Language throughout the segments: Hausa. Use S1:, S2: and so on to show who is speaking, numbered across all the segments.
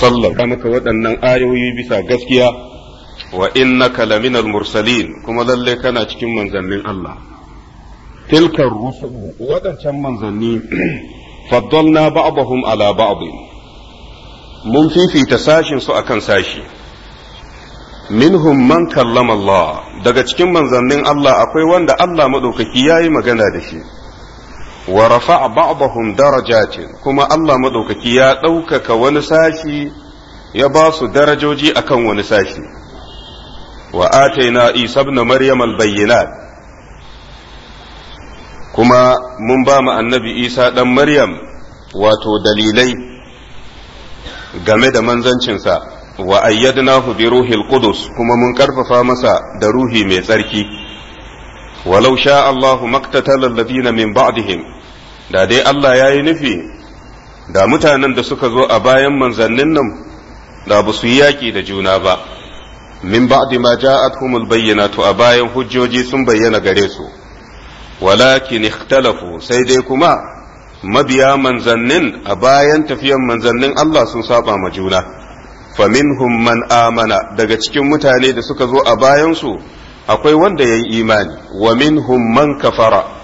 S1: sallam maka waɗannan ayoyi bisa gaskiya wa innaka laminal mursalin kuma lalle kana cikin manzannin Allah tilkar rusul waɗancan manzanni faddalna ba'dahum ala ba'd mun fifita sashin su akan sashi minhum man kallama Allah daga cikin manzannin Allah akwai wanda Allah madaukaki yayi magana da shi wa rafa'a daraja ce kuma Allah madaukaki ya ɗaukaka wani sashi ya basu su darajoji akan wani sashi wa ataina isa ibn maryam al kuma mun ba mu annabi isa dan maryam wato dalilai game da manzancinsa wa ayyadnahu bi ruhil qudus kuma mun karfafa masa da ruhi mai tsarki ولو شاء الله ما min الذين من بعدهم da dai Allah ya yi nufi da mutanen da suka zo a bayan manzannin nan da ba su yi yaƙi da juna ba min ba'di ma bayyana bayyinatu a bayan hujjoji sun bayyana gare su walakin ikhtalafu sai dai kuma mabiya manzannin a bayan tafiyan manzannin Allah sun saba ma juna faminhum man amana daga cikin mutane da suka zo a bayansu akwai wanda ya yi imani wa minhum man kafara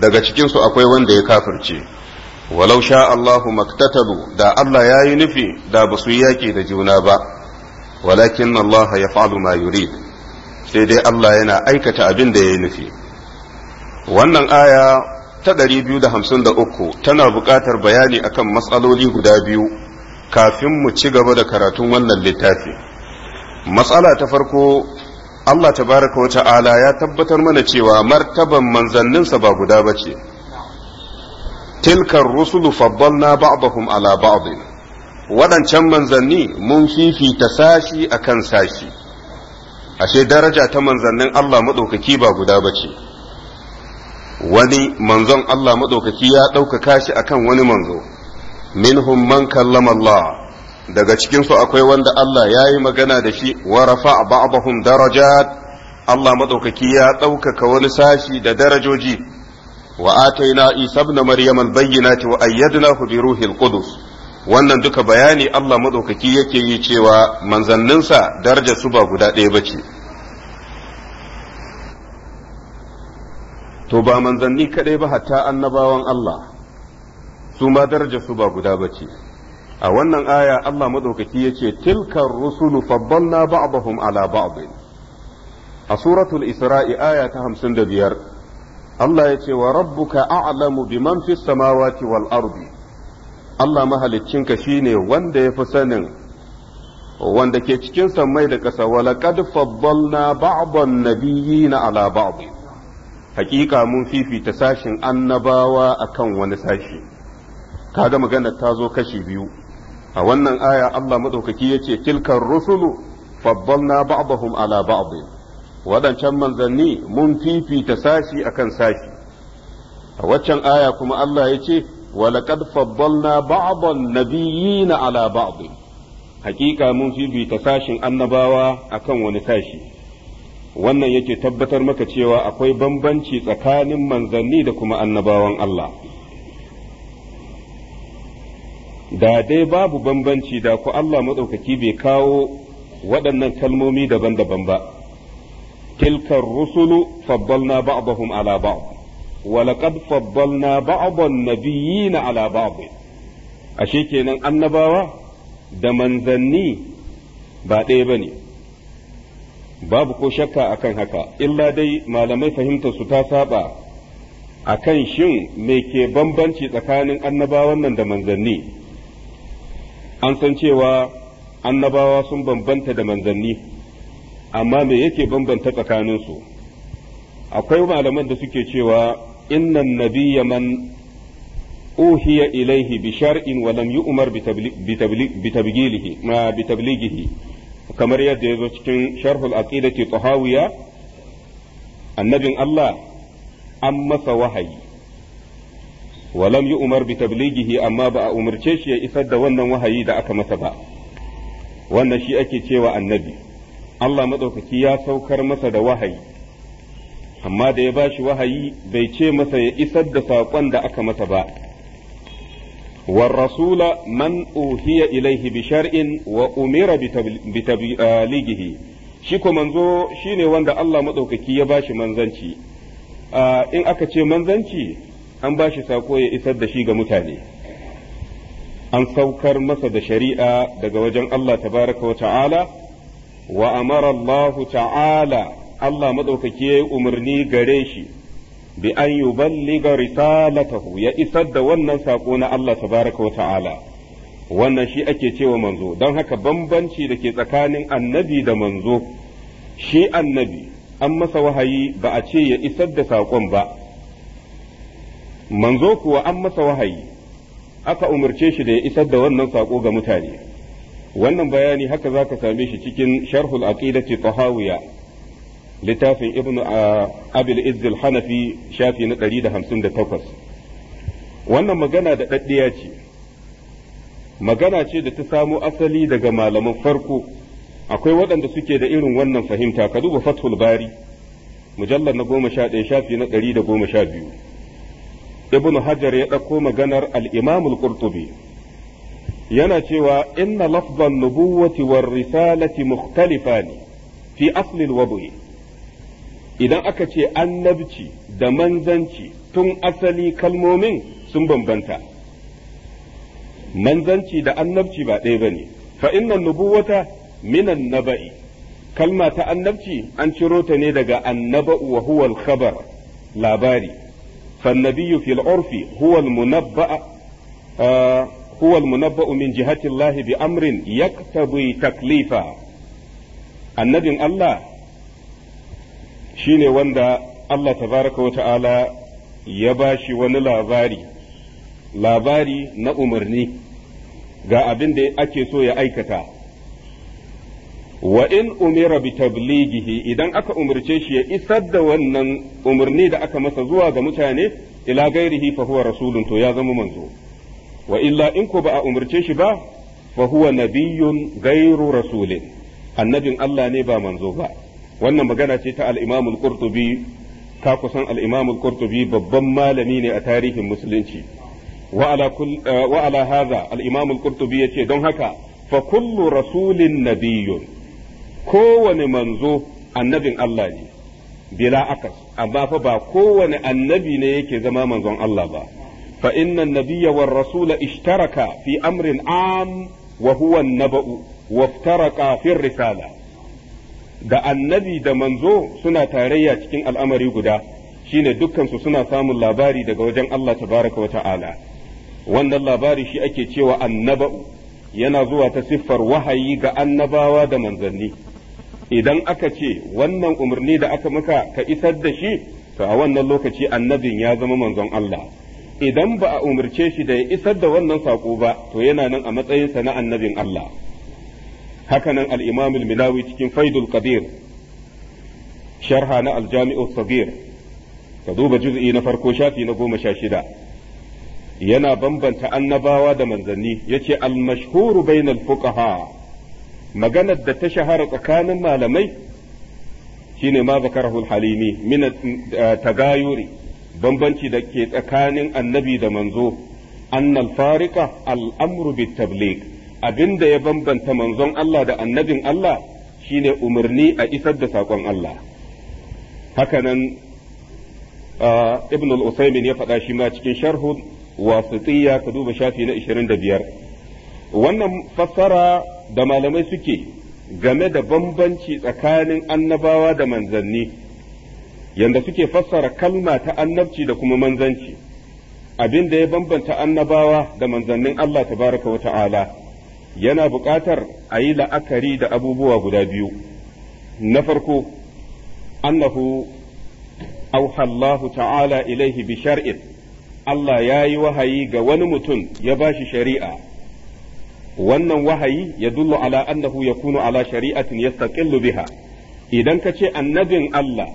S1: daga cikinsu akwai wanda ya kafirce walau sha Allahu maktatalu da Allah ya yi nufi da ba su yaƙi da juna ba walakin Allah ya fa'alu ma yurid sai dai Allah yana aikata abin da ya yi nufi wannan aya ta 253 tana buƙatar bayani akan matsaloli guda biyu kafin mu ci gaba da karatun wannan littafi matsala ta farko Allah tabaraka wa ta'ala ya tabbatar mana cewa martaban manzanninsa ba guda ba ce tilkar rusulu faddalna ba'dahum ala ba'din waɗancan manzanni mun fifita sashi akan sashi ashe daraja ta manzannin Allah maɗaukaki ba guda ba ce wani manzon Allah maɗaukaki ya ɗaukaka shi akan wani manzo minhum man kallama Allah daga cikinsu akwai wanda Allah ya yi magana da shi wa rafa ba'dahum darajat Allah madaukaki ya ɗaukaka wani sashi da darajoji wa ataina isa ibn maryam al-bayyinati wa ayyadnahu bi ruhil qudus wannan duka bayani Allah madaukaki yake yi cewa manzanninsa darajar su ba guda ɗaya bace to ba manzanni kadai ba hatta annabawan Allah su ma darajar su ba guda bace a wannan aya Allah madaukaki yace tilkar rusulu faddalna ba'dahum ala ba'd a suratul isra'i aya ta hamsin da biyar. Allah yace wa rabbuka a'lamu biman fis samawati wal ardi Allah mahaliccinka shine wanda yafi sanin wanda ke cikin sammai da ƙasa walaqad faddalna ba'dan nabiyyina ala ba'd hakika mun fifita sashin annabawa akan wani sashi kaga maganar ta zo kashi biyu a wannan aya Allah ya yace tilkar rusulu faddalna ba'dahum ala ba'd wadancan manzanni mun fifita sashi akan sashi a waccan aya kuma Allah yace walaqad faddalna ba'dan na ala ba'd hakika mun fifita sashin annabawa akan wani sashi wannan yake tabbatar maka cewa akwai bambanci tsakanin manzanni da kuma annabawan Allah da dai babu bambanci da ku Allah maɗaukaki bai kawo waɗannan kalmomi daban-daban ba tilkar rusulu faddalna ba'dahum ala ba'd wa laqad faddalna ba'dan nabiyyina ala ba'd ashe kenan annabawa da manzanni ba ɗaya bane babu ko shakka akan haka illa dai malamai fahimtar su ta saba akan shin me ke bambanci tsakanin annabawan nan da manzanni an san cewa annabawa sun bambanta da manzanni amma me yake bambanta tsakaninsu akwai malaman da suke cewa innan nabiyya man uhiya ilaihi bi shar'in wa lam yu'mar bi tablighihi kamar yadda ya zo cikin sharhul aqidati tahawiya annabin Allah an masa wahayi walam umar bi tablighihi amma ba a umarce shi ya isar da wannan wahayi da aka masa ba wannan shi ake cewa annabi Allah madaukaki ya saukar masa da wahayi amma da ya bashi wahayi bai ce masa ya isar da saƙon da aka masa ba والرسول من أوحي إليه بشرع وأمر بتبليغه shi ko manzo shine wanda Allah maɗaukaki ya bashi manzanci ah, in aka ce manzanci an ba shi sako ya isar da shi ga mutane an saukar masa da shari'a daga wajen Allah tabaraka wa ta'ala wa amara Allah ta'ala Allah maɗaukaki ya yi umarni gare shi bi an yuballiga risalatahu ya isar da wannan sako na Allah tabaraka wa ta'ala wannan shi ake cewa manzo don haka bambanci da ke tsakanin annabi da manzo shi annabi an masa wahayi ba a ce ya isar da saƙon ba manzo kuwa an masa wahayi aka umarce shi da ya isar da wannan sako ga mutane wannan bayani haka za ka same shi cikin sharhul aqidati tahawiya littafin ibn ah, abil izz hanafi shafi na 158 wannan magana da daddiya ce magana ce da ta samo asali daga malaman farko akwai waɗanda suke da irin wannan fahimta ka duba fathul bari mujallar na goma sha ɗaya shafi na ɗari da goma sha biyu Ibnu hajar ya ɗauko maganar al-imam al-qurtubi yana cewa inna lafzan nubuwati war risalati mukhtalifani fi asli al idan aka ce annabci da manzanci tun asali kalmomin sun bambanta manzanci da annabci ba ɗaya bane fa inna nubuwata minan naba'i kalma ta annabci an ciro ta ne daga annaba'u wa huwa al labari فالنبي في العرف هو المنبأ آه هو المنبأ من جهة الله بأمر يقتضي annabin Allah shine wanda Allah tabaraka wa ta'ala ya bashi wani labari, labari na umarni ga abin da ake so ya aikata. wa in umira bi tablighihi idan aka umarce shi ya isar da wannan umarni da aka masa zuwa ga mutane ila gairihi fa huwa rasulun to ya zama manzo wa illa in ko ba a umarce shi ba fa huwa nabiyyun gairu rasulin annabin Allah ne ba manzo ba wannan magana ce ta al-Imam al-Qurtubi ka kusan al-Imam al-Qurtubi babban malami ne a tarihin musulunci wa ala kull wa ala hadha al-Imam al-Qurtubi yace don haka fa kullu rasulin nabiyyun kowane manzo annabin Allah ne bila akas amma fa ba kowane annabi ne yake zama manzon Allah ba fa inna nabiyya war rasula ishtaraka fi amrin am wa huwa naba'u waftaraka fi risala da annabi da manzo suna tarayya cikin al'amari guda shine dukkansu suna samun labari daga wajen Allah tabaraka wa wannan labari shi ake cewa annaba'u yana zuwa ta siffar wahayi ga annabawa da manzanni idan aka ce wannan umarni da aka maka ka isar da shi to a wannan lokaci annabin ya zama manzon Allah idan ba a umarce shi da ya isar da wannan saƙo ba to yana nan a matsayinsa na annabin Allah hakanan al-imam al-milawi cikin faidul qadir sharha na al-jami'u sabir ka duba juz'i na farko shafi na goma sha shida yana bambanta annabawa da manzanni yace al-mashhuru bainal fuqaha maganar da ta shahara tsakanin malamai shine ma zakarahu halimi min tagayuri bambanci da ke tsakanin annabi da manzo annal farika al'amru bit tabligh abinda ya bambanta manzon Allah da annabin Allah shine umarni a isar da saƙon Allah hakanan ibn al-usaymin ya faɗa shi ma cikin sharhud wasitiyya ka duba shafi na 25 wannan fassara da malamai suke game da bambanci tsakanin annabawa da manzanni yanda suke fassara kalma ta annabci da kuma manzanci abin da ya bambanta annabawa da manzannin Allah tabaraka wa ta'ala yana buƙatar a yi la'akari da abubuwa guda biyu na farko annahu auhallahu ta'ala ilaihi bi shar'in Allah ya yi wahayi ga wani mutum ya ba shi shari'a wannan wahayi ya dullu ala annahu kunu ala shari'atin yastaqillu biha idan ka ce annabin Allah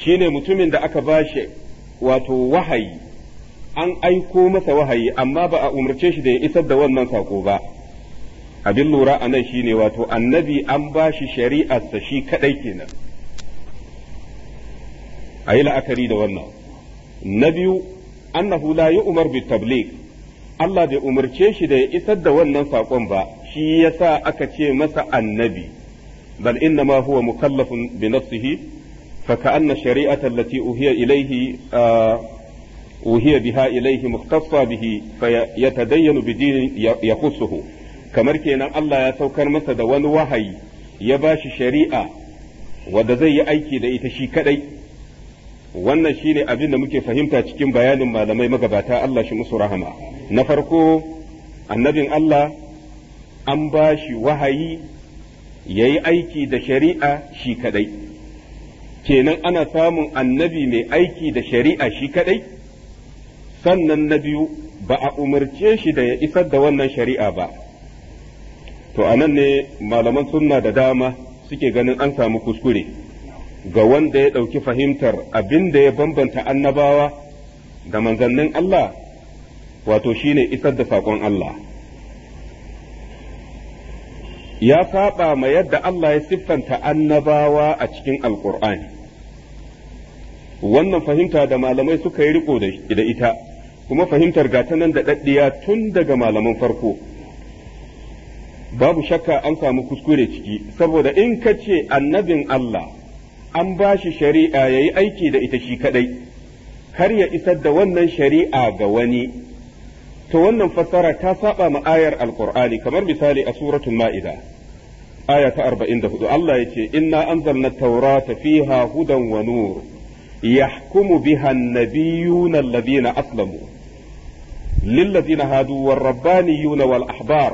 S1: shine mutumin da aka bashi wato wahayi an aiko masa wahayi amma ba a umarce shi da ya isar da wannan sako ba abin lura a nan shine wato annabi an ba shi shari'arsa shi kadai kenan a yi la'akari da wannan na biyu annahu la yi umar bi tabligh Allah bai umarce shi da ya isar da wannan saƙon ba shi yasa aka ce masa annabi bal inna ma huwa mukallafun bi nafsihi fa ka'anna shari'ata allati uhiya ilayhi uhiya biha ilayhi muhtassa bihi fa yatadayyanu bi kamar kenan Allah ya saukar masa da wani wahayi ya bashi shari'a wanda zai yi aiki da ita shi kadai wannan shine abin da muke fahimta cikin bayanin malamai magabata Allah shi musu rahama na farko annabin Allah an ba shi wahayi ya yi aiki da shari'a shi kadai kenan ana samun annabi mai aiki da shari'a shi kadai sannan na biyu ba a umarce shi da ya isar da wannan shari'a ba to anan ne malaman sunna da dama suke ganin an samu kuskure. ga wanda ya ɗauki fahimtar abin da ya bambanta annabawa da manzannin Allah wato shi ne isar da saƙon Allah ya saba ma yadda Allah ya siffanta annabawa a cikin alƙur'ani wannan fahimta da malamai suka yi riko da ita kuma fahimtar gata nan da ɗaɗɗiya tun daga malaman farko babu shakka an samu kuskure ciki saboda in ka ce annabin Allah an ba shi shari'a ya yi aiki da ita shi kadai kar ya isar da wannan shari'a ga wani to wannan fassara ta saba ma ayar alkur'ani kamar misali a suratul ma'ida aya ta 44 Allah ya ce inna anzalna taurata fiha hudan wa nur yahkumu biha an-nabiyyuna alladhina aslamu للذين هادوا والربانيون والأحبار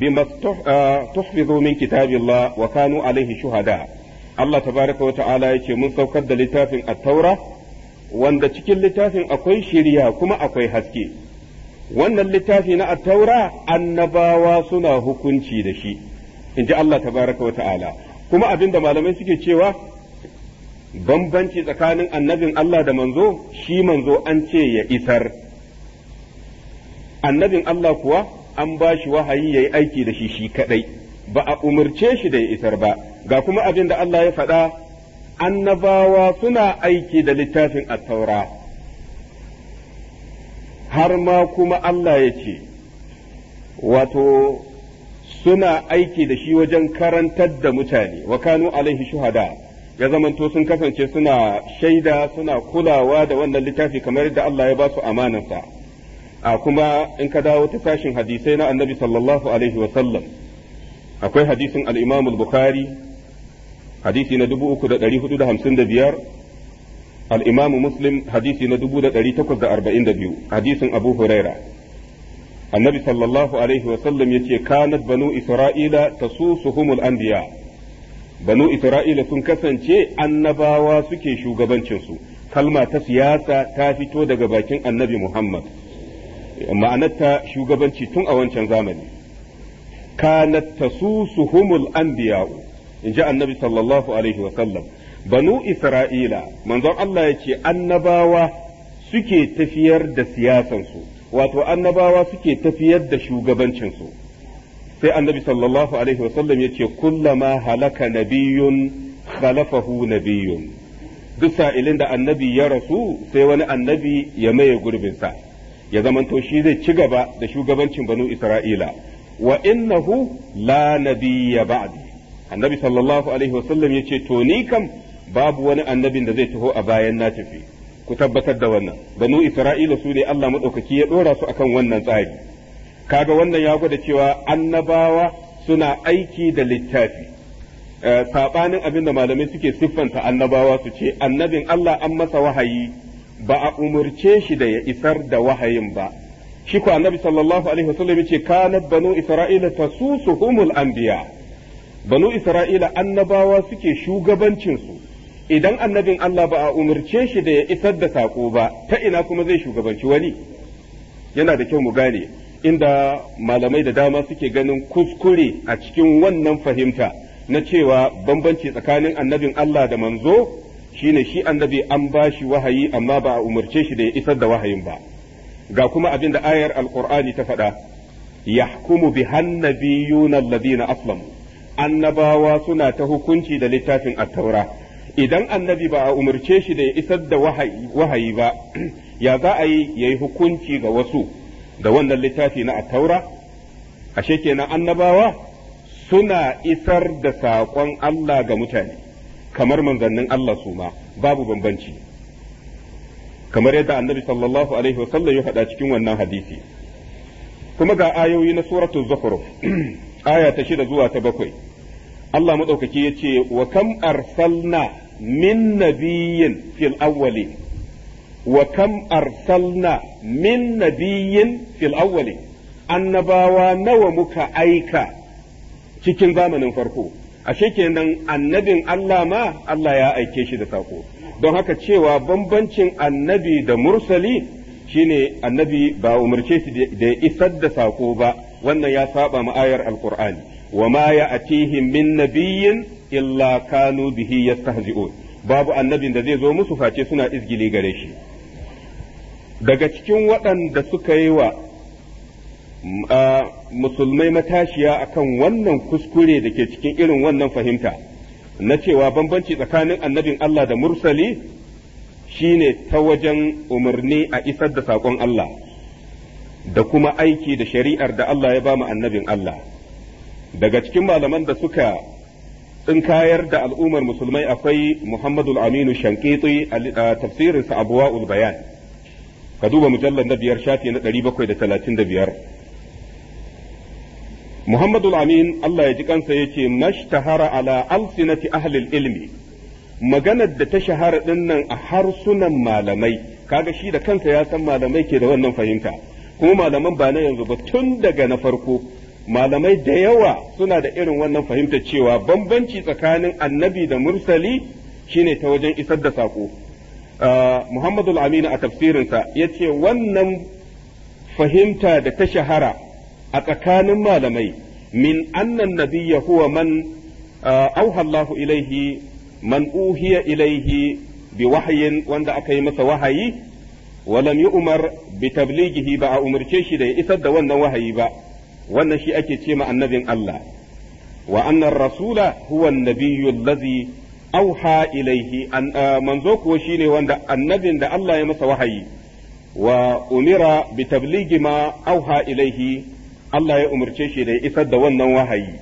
S1: بما تحفظوا من كتاب الله وكانوا عليه شهداء Allah tabaraka wa ta'ala yake mun saukar da littafin at-taura wanda cikin littafin akwai shiriya kuma akwai haske wannan littafi na at-taura annabawa suna hukunci da shi inji Allah tabaraka wa ta'ala kuma abinda malamai suke cewa bambanci tsakanin annabin Allah da manzo shi manzo an ce ya isar annabin Allah kuwa an ba shi wahayi ya yi aiki da shi shi kaɗai. ba a umarce shi da ya isar ba ga kuma abin da Allah ya faɗa annabawa suna aiki da littafin attaura har ma kuma Allah ya ce wato suna aiki da shi wajen karantar da mutane wa kanu alaihi shuhada ya zamanto sun kasance suna shaida suna kulawa da wannan littafi kamar yadda Allah ya ba su amanarsa a kuma in ka dawo ta sashin hadisai na annabi sallallahu alaihi wasallam akwai hadisin al-imam bukhari hadisi na 3455 al-imamu muslim hadisi na 1842 hadisin abu huraira annabi sallallahu alaihi wasallam ya ce kanat banu isra'ila tasusuhumul anbiya banu isra'ila sun kasance annabawa suke shugabancinsu kalma ta siyasa ta fito daga bakin annabi muhammad ta shugabanci tun a wancan zamani kanat tasusuhumul anbiya'u in ji annabi sallallahu alaihi sallam banu isra'ila manzon Allah ya ce annabawa suke tafiyar da siyasansu wato annabawa suke tafiyar da shugabancinsu sai annabi sallallahu alaihi sallam ya ce kullama halaka nabiyun khalafahu nabiyun duk sa'ilin da annabi ya rasu sai wani annabi ya maye gurbinsa ya zamanto shi zai ci gaba da shugabancin banu isra'ila wa innahu la nabiyya ba'di annabi sallallahu alaihi wasallam ya to ni kam babu wani annabin da zai taho a bayan na tafi ku tabbatar da wannan banu isra'ila su ne Allah madaukaki ya dora su akan wannan tsari kaga wannan ya gwada cewa annabawa suna aiki da littafi eh, sabanin abin da malamai suke siffanta annabawa su ce annabin Allah an masa wahayi ba a umurce shi da ya isar da wahayin ba shi ko annabi sallallahu alaihi wasallam yace kana banu isra'ila tasusuhumul anbiya' banu isra'ila annabawa suke shugabancinsu idan annabin Allah ba a umarce shi da ya isar da saƙo ba ta ina kuma zai shugabanci wani yana da kyau mu gane inda malamai da dama suke ganin kuskure a cikin wannan fahimta na cewa bambanci tsakanin annabin Allah da manzo shine shi annabi an ba shi wahayi amma ba a umarce shi da ya isar da wahayin ba ga kuma abinda da ayar alqur'ani ta faɗa yahkumu bihannabiyuna alladhina aslamu annabawa suna ta hukunci da littafin attaura idan annabi ba a umarce shi da ya isar da wahayi ba ya za a yi ya yi hukunci ga wasu da wannan littafi na attaura ashe kenan annabawa suna isar da saƙon Allah ga mutane kamar manzannin Allah su ma babu bambanci kamar yadda annabi sallallahu alaihi wasallam ya faɗa cikin wannan hadisi kuma ga ayoyi na suratul zukhruf aya ta shida zuwa ta bakwai Allah maɗaukaki ya ce wa kam arsalna min nabiyyin fil awwali wa kam fil awwali annabawa nawa muka aika cikin zamanin farko ashe kenan annabin Allah ma Allah ya aike shi da sako don haka cewa bambancin annabi da mursali shine annabi ba umarce shi da isar da sako ba wannan ya saba ma ayar alqur'ani wa ma ya'tihim min nabiyyin illa kanu bihi yastahzi'un babu annabin da zai zo musu face suna izgili gare shi daga cikin waɗanda suka yi wa musulmai matashiya akan wannan kuskure da ke cikin irin wannan fahimta na cewa bambanci tsakanin annabin Allah da mursali shine ta wajen umarni a isar da saƙon Allah da kuma aiki da shari'ar da Allah ya ba mu annabin Allah daga cikin malaman da suka tsinkayar da al'ummar musulmai akwai Muhammadu Aminu Shankiti a tafsirinsa Abwaul Bayan ka duba mujallar na biyar shafi na da talatin biyar. Muhammadu Amin Allah ya ji kansa yace mashtahara ala alsinati ahlil ilmi maganar da ta shahara ɗinnan a harsunan malamai kaga shi da kansa ya san malamai ke da wannan fahimta kuma malaman ba na yanzu ba tun daga na farko malamai da yawa suna da irin wannan fahimta cewa bambanci tsakanin annabi da mursali shine ta wajen isar da saƙo al ah, aminu a tafsirinsa ya ce wannan fahimta da ta shahara a tsakanin malamai min annan nabiyya huwa man ah, auhallahu ilaihi man uhiya ilaihi bi wahayin wanda aka yi masa wahayi walam yi umar bi tablighihi ba a umarce shi da ya isar da wannan wahayi ba wannan shi ake ce ma annabin Allah wa annar rasula huwa annabiyyu allazi auha ilaihi manzo kuwa shine wanda annabin da Allah ya masa wahayi wa umira bi tablighi ma auha ilaihi Allah ya umarce shi da ya isar da wannan wahayi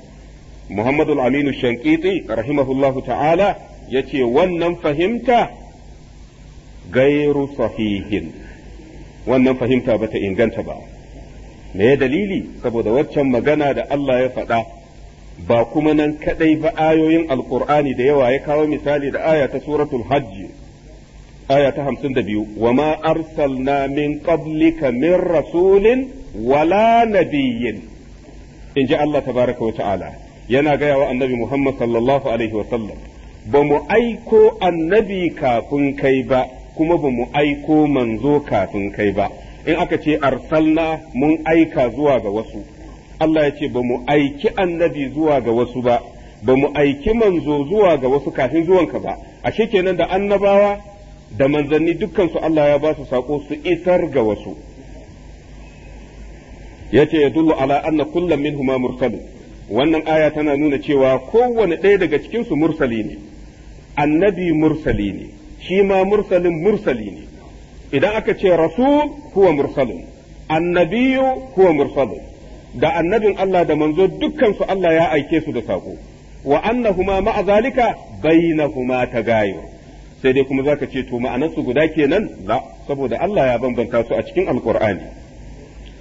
S1: Muhammadu Aminu Shankiti rahimahullahu ta'ala ya ce wannan fahimta gairu sahihin wannan fahimta bata inganta ba me dalili saboda waccan magana da Allah ya faɗa ba kuma nan kadai ba ayoyin alqur'ani da yawa ya kawo misali da aya ta suratul hajj aya ta hamsin da biyu wa ma arsalna min qablika min rasulin wala nabiyyin in ji Allah tabaraka wa ta'ala yana gaya wa annabi Muhammad sallallahu alaihi wa sallam ba mu aiko annabi kafin kai ba kuma ba mu aiko manzo kafin kai ba in aka ce arsalna mun aika zuwa ga wasu Allah ya ce ba mu aiki annabi zuwa ga wasu ba ba mu aiki manzo zuwa ga wasu kafin zuwanka ba ashe kenan da annabawa da manzanni dukkansu Allah ya ba su sako su isar ga wasu yace yadullu ala anna kullum huma mursalun wannan aya tana nuna cewa kowane ɗaya daga cikinsu mursali ne annabi mursali ne shi ma mursalin mursali ne idan aka ce rasul huwa mursalin annabiyu huwa mursalin da annabin Allah da manzo dukkansu Allah ya aike su da sako wa annahuma ma'a zalika bainahuma tagayo sai dai kuma zaka ce to ma'anarsu su guda kenan la saboda Allah ya bambanta su a cikin alqur'ani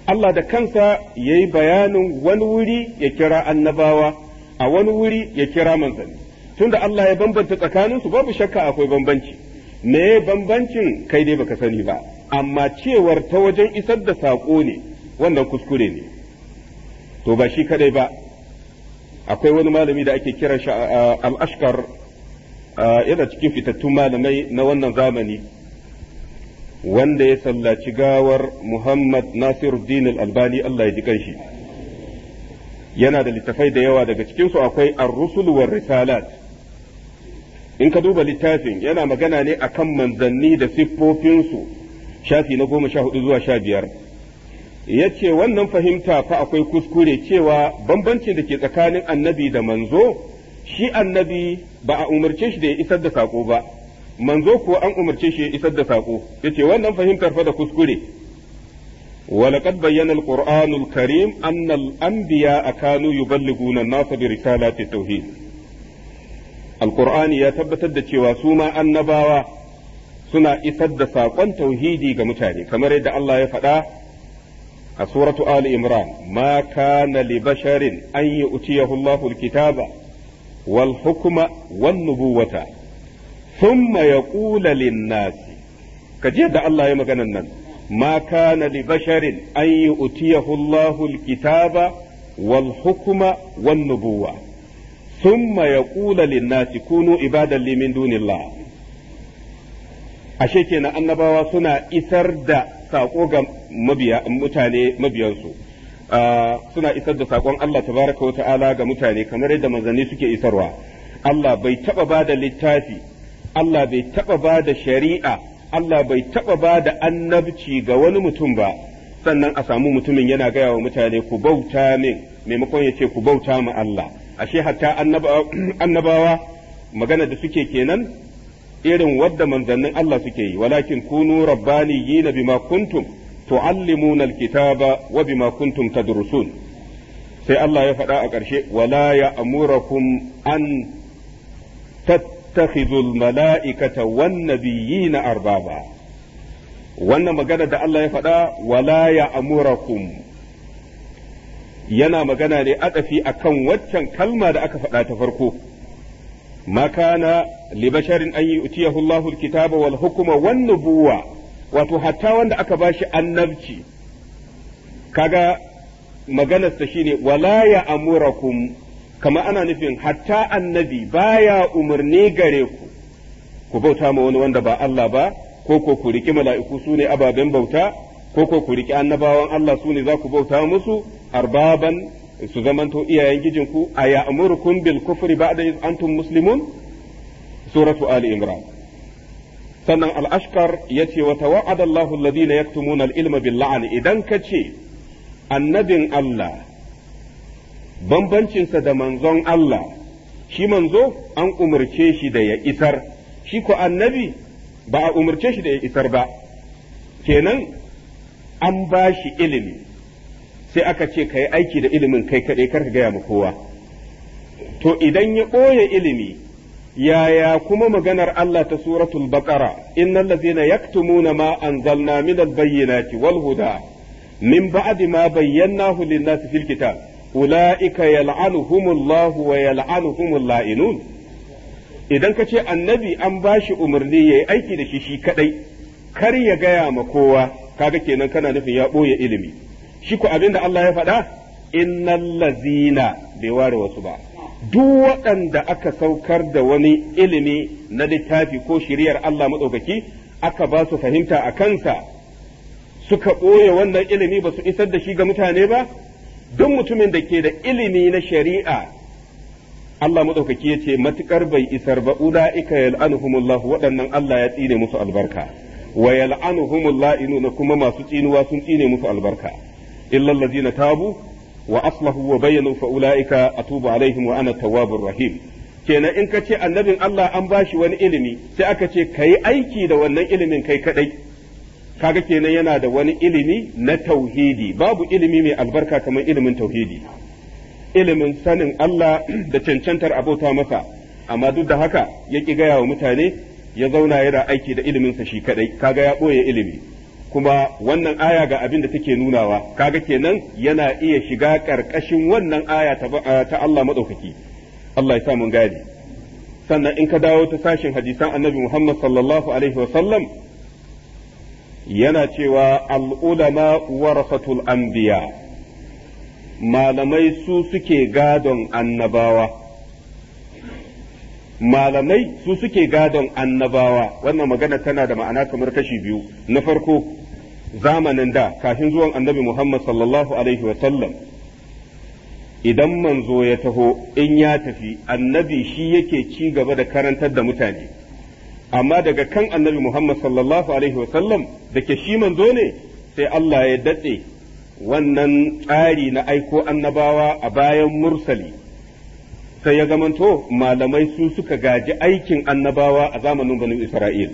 S1: Allah da kansa yayi bayanin wani wuri ya kira annabawa a wani wuri ya kira manzanni tunda Allah ya bambanta tsakaninsu babu shakka akwai bambanci me bambancin kai dai baka sani ba amma cewar ta wajen isar da saƙo ne wannan kuskure ne to ba shi kadai ba akwai wani malami da ake kiran shi al-ashkar yana cikin fitattun malamai na wannan zamani wanda ya sallaci gawar Muhammad Nasiruddin al-Albani Allah ya ji kanshi yana da littafai da yawa daga cikinsu akwai ar-rusul war risalat in ka duba littafin yana magana ne a kan manzanni da siffofinsu shafi na goma sha hudu zuwa sha biyar ya ce wannan fahimta fa akwai kuskure cewa bambancin da ke tsakanin annabi da manzo shi annabi ba a umarce shi da ya isar da saƙo ba manzo kuwa an umarce shi ya isar da saƙo ya ce wannan fahimtar fa da kuskure ولقد بين القرآن الكريم أن الأنبياء كانوا يبلغون الناس برسالات التوحيد alkur'ani ya tabbatar da cewa suma annabawa suna isar da saƙon tauhidi ga mutane kamar yadda Allah ya faɗa a suratu Ali Imran ma kana li basharin an yu'tiyahu Allahu alkitaba wal hukma wan nubuwata thumma yaqulu lin nas kaji yadda Allah ya maganan nan ma kana li basharin an yu'tiyahu Allahu alkitaba wal hukma wan nubuwata Sun yaqulu lin-nasi kunu ibadan li min dunillah ashe kenan annabawa suna isar da sako ga mabiya mutane mabiyansu ah, suna isar da sakon Allah tabaraka wa ta'ala ga mutane kamar yadda manzanni suke isarwa Allah bai ba da littafi Allah bai ba da shari'a Allah bai taba bada annabci ga wani mutum ba sannan a samu mutumin yana gaya wa mutane ku bauta min maimakon ya ce ku bauta ma Allah ashe hatta annabawa magana da suke kenan irin wadda manzannin Allah suke yi walakin kunu rabbaniyina bima kuntum tuallimuna alkitaba wa bima kuntum tadrusun sai Allah ya faɗa a ƙarshe wala ya'murakum an tattakhidul mala'ikata wan nabiyina arbaba wannan magana da Allah ya faɗa wala ya ya'murakum yana magana ne a kan waccan kalma da aka faɗa ta farko ma kana li basharin an yu'tiyahu Allahu kitaba wal hukma wan nubuwa wato hatta wanda aka bashi annabci kaga maganar ta shine wala ya amurakum kama ana nufin hatta annabi baya umarni gare ku ku bauta ma wani wanda ba Allah ba ko ko ku riki mala'iku sune ababen bauta ko ko ku riki annabawan Allah sune za ku bauta musu arbaban su zamanto iyayen gijinku a ya'murukum bil kufri ba'da iz antum muslimun suratu ali imran sannan al-ashqar yace wa tawa'ada Allahu alladhina yaktumuna al-ilma bil la'n idan kace annabin Allah bambancinsa da manzon Allah shi manzo an umarce shi da ya isar shi ko annabi ba a umarce shi da ya isar ba kenan an ba shi ilimi sai aka ce ka yi aiki da ilimin kai kaɗai kar ka gaya ma kowa to idan ya ɓoye ilimi yaya kuma maganar Allah ta suratul baqara innal ladzina yaktumuna ma anzalna minal bayyinati wal huda min ba'di ma bayyanahu lin-nasi fil kitab ulaika yal'anuhumullahu wa yal'anuhumul la'inun idan ka ce annabi an bashi umarni yayi aiki da shi shi kadai kar ya gaya ma kowa kaga kenan kana nufin ya ɓoye ilimi shi ko abin da Allah ya faɗa innal lazina bai ware wasu ba duk waɗanda aka saukar da wani ilimi na littafi ko shiriyar Allah maɗaukaki aka ba su fahimta a kansa suka ɓoye wannan ilimi ba su isar da shi ga mutane ba duk mutumin da ke da ilimi na shari'a Allah maɗaukaki ya ce matuƙar bai isar ba ula'ika yal'anuhumullahu waɗannan Allah ya tsine musu albarka wa la'inuna kuma masu tsinuwa sun tsine musu albarka In lallazi na tabu wa aslahu wa bayyanu fa ulaika atubu alaihim wa ana tawwabur rahim kenan in ka ce annabin Allah an ba shi wani ilimi sai aka ce kai aiki da wannan ilimin kai kadai kaga kenan yana da wani ilimi na tauhidi babu ilimi mai albarka kamar ilimin tauhidi ilimin sanin Allah da cancantar abota masa amma duk da haka ya ki gaya wa mutane ya zauna yana aiki da iliminsa shi kaɗai kaga ya ɓoye ilimi kuma wannan aya ga abin da take nunawa kaga kenan yana iya shiga ƙarƙashin wannan aya ta Allah maɗaukaki. Allah ya sa mun gadi sannan in ka dawo ta sashin hadisan annabi Muhammad sallallahu alaihi wasallam yana cewa al'ulama warasatul anbiya malamai su suke gadon annabawa malamai su suke gadon annabawa wannan magana tana da ma'ana kamar kashi biyu na farko zamanin da kafin zuwan annabi Muhammad sallallahu alaihi wa sallam idan manzo ya taho in ya tafi annabi shi yake ci gaba da karantar da mutane amma daga kan annabi Muhammad sallallahu alaihi wa sallam da ke shi manzo ne sai Allah ya datse wannan tsari na aiko annabawa a bayan mursali sai ya zamanto malamai su suka gaji aikin annabawa a zamanin banu Isra'il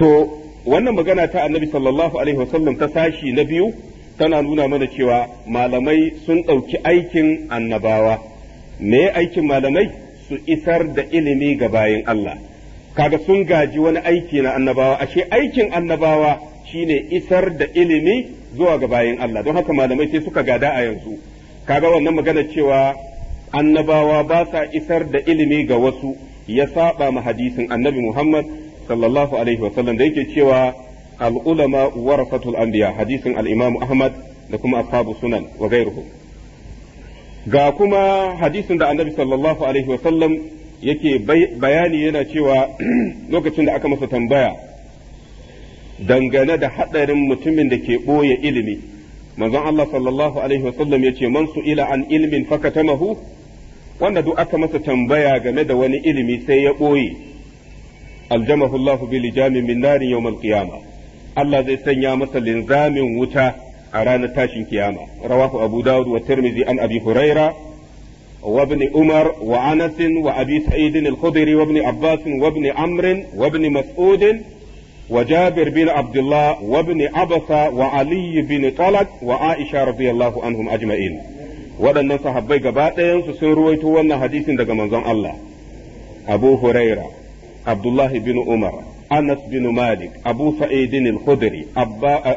S1: to wannan magana ta annabi sallallahu alaihi wasallam ta sashi na biyu tana nuna mana cewa malamai sun ɗauki aikin annabawa me aikin malamai su isar da ilimi ga bayin Allah kaga sun gaji wani aiki na annabawa ashe aikin annabawa shine isar da ilimi zuwa ga bayin Allah don haka malamai sai suka gada a yanzu kaga wannan magana cewa annabawa ba sa isar da ilimi ga wasu ya saba ma hadisin annabi Muhammad sallallahu alaihi wa sallam da yake cewa al ulama ambiya anbiya hadisin al imam ahmad da kuma ashabu sunan wa ghairuhum ga kuma hadisin da annabi sallallahu alaihi wa sallam yake bayani yana cewa lokacin da aka masa tambaya dangane da hadarin mutumin da ke boye ilimi manzon Allah sallallahu alaihi wa sallam yace man su'ila an ilmin fakatamahu wanda duk aka masa tambaya game da wani ilimi sai ya boye aljamahu Allahu bi lijamin min narin yawmal qiyama Allah zai sanya masa linzamin wuta a ranar tashin kiyama rawahu Abu Dawud wa Tirmidhi an Abi Huraira wa ibn Umar wa Anas wa Abi Sa'id al-Khudri wa ibn Abbas wa ibn Amr wa ibn Mas'ud وجابر بن عبد الله وابن عبسة وعلي بن طلق وعائشة رضي الله عنهم أجمعين waɗannan sahabbai gaba ɗayansu sun ruwaito wannan hadisin daga manzon Allah Abu Huraira عبد الله بن عمر bin بن مالك أبو سعيد الخدري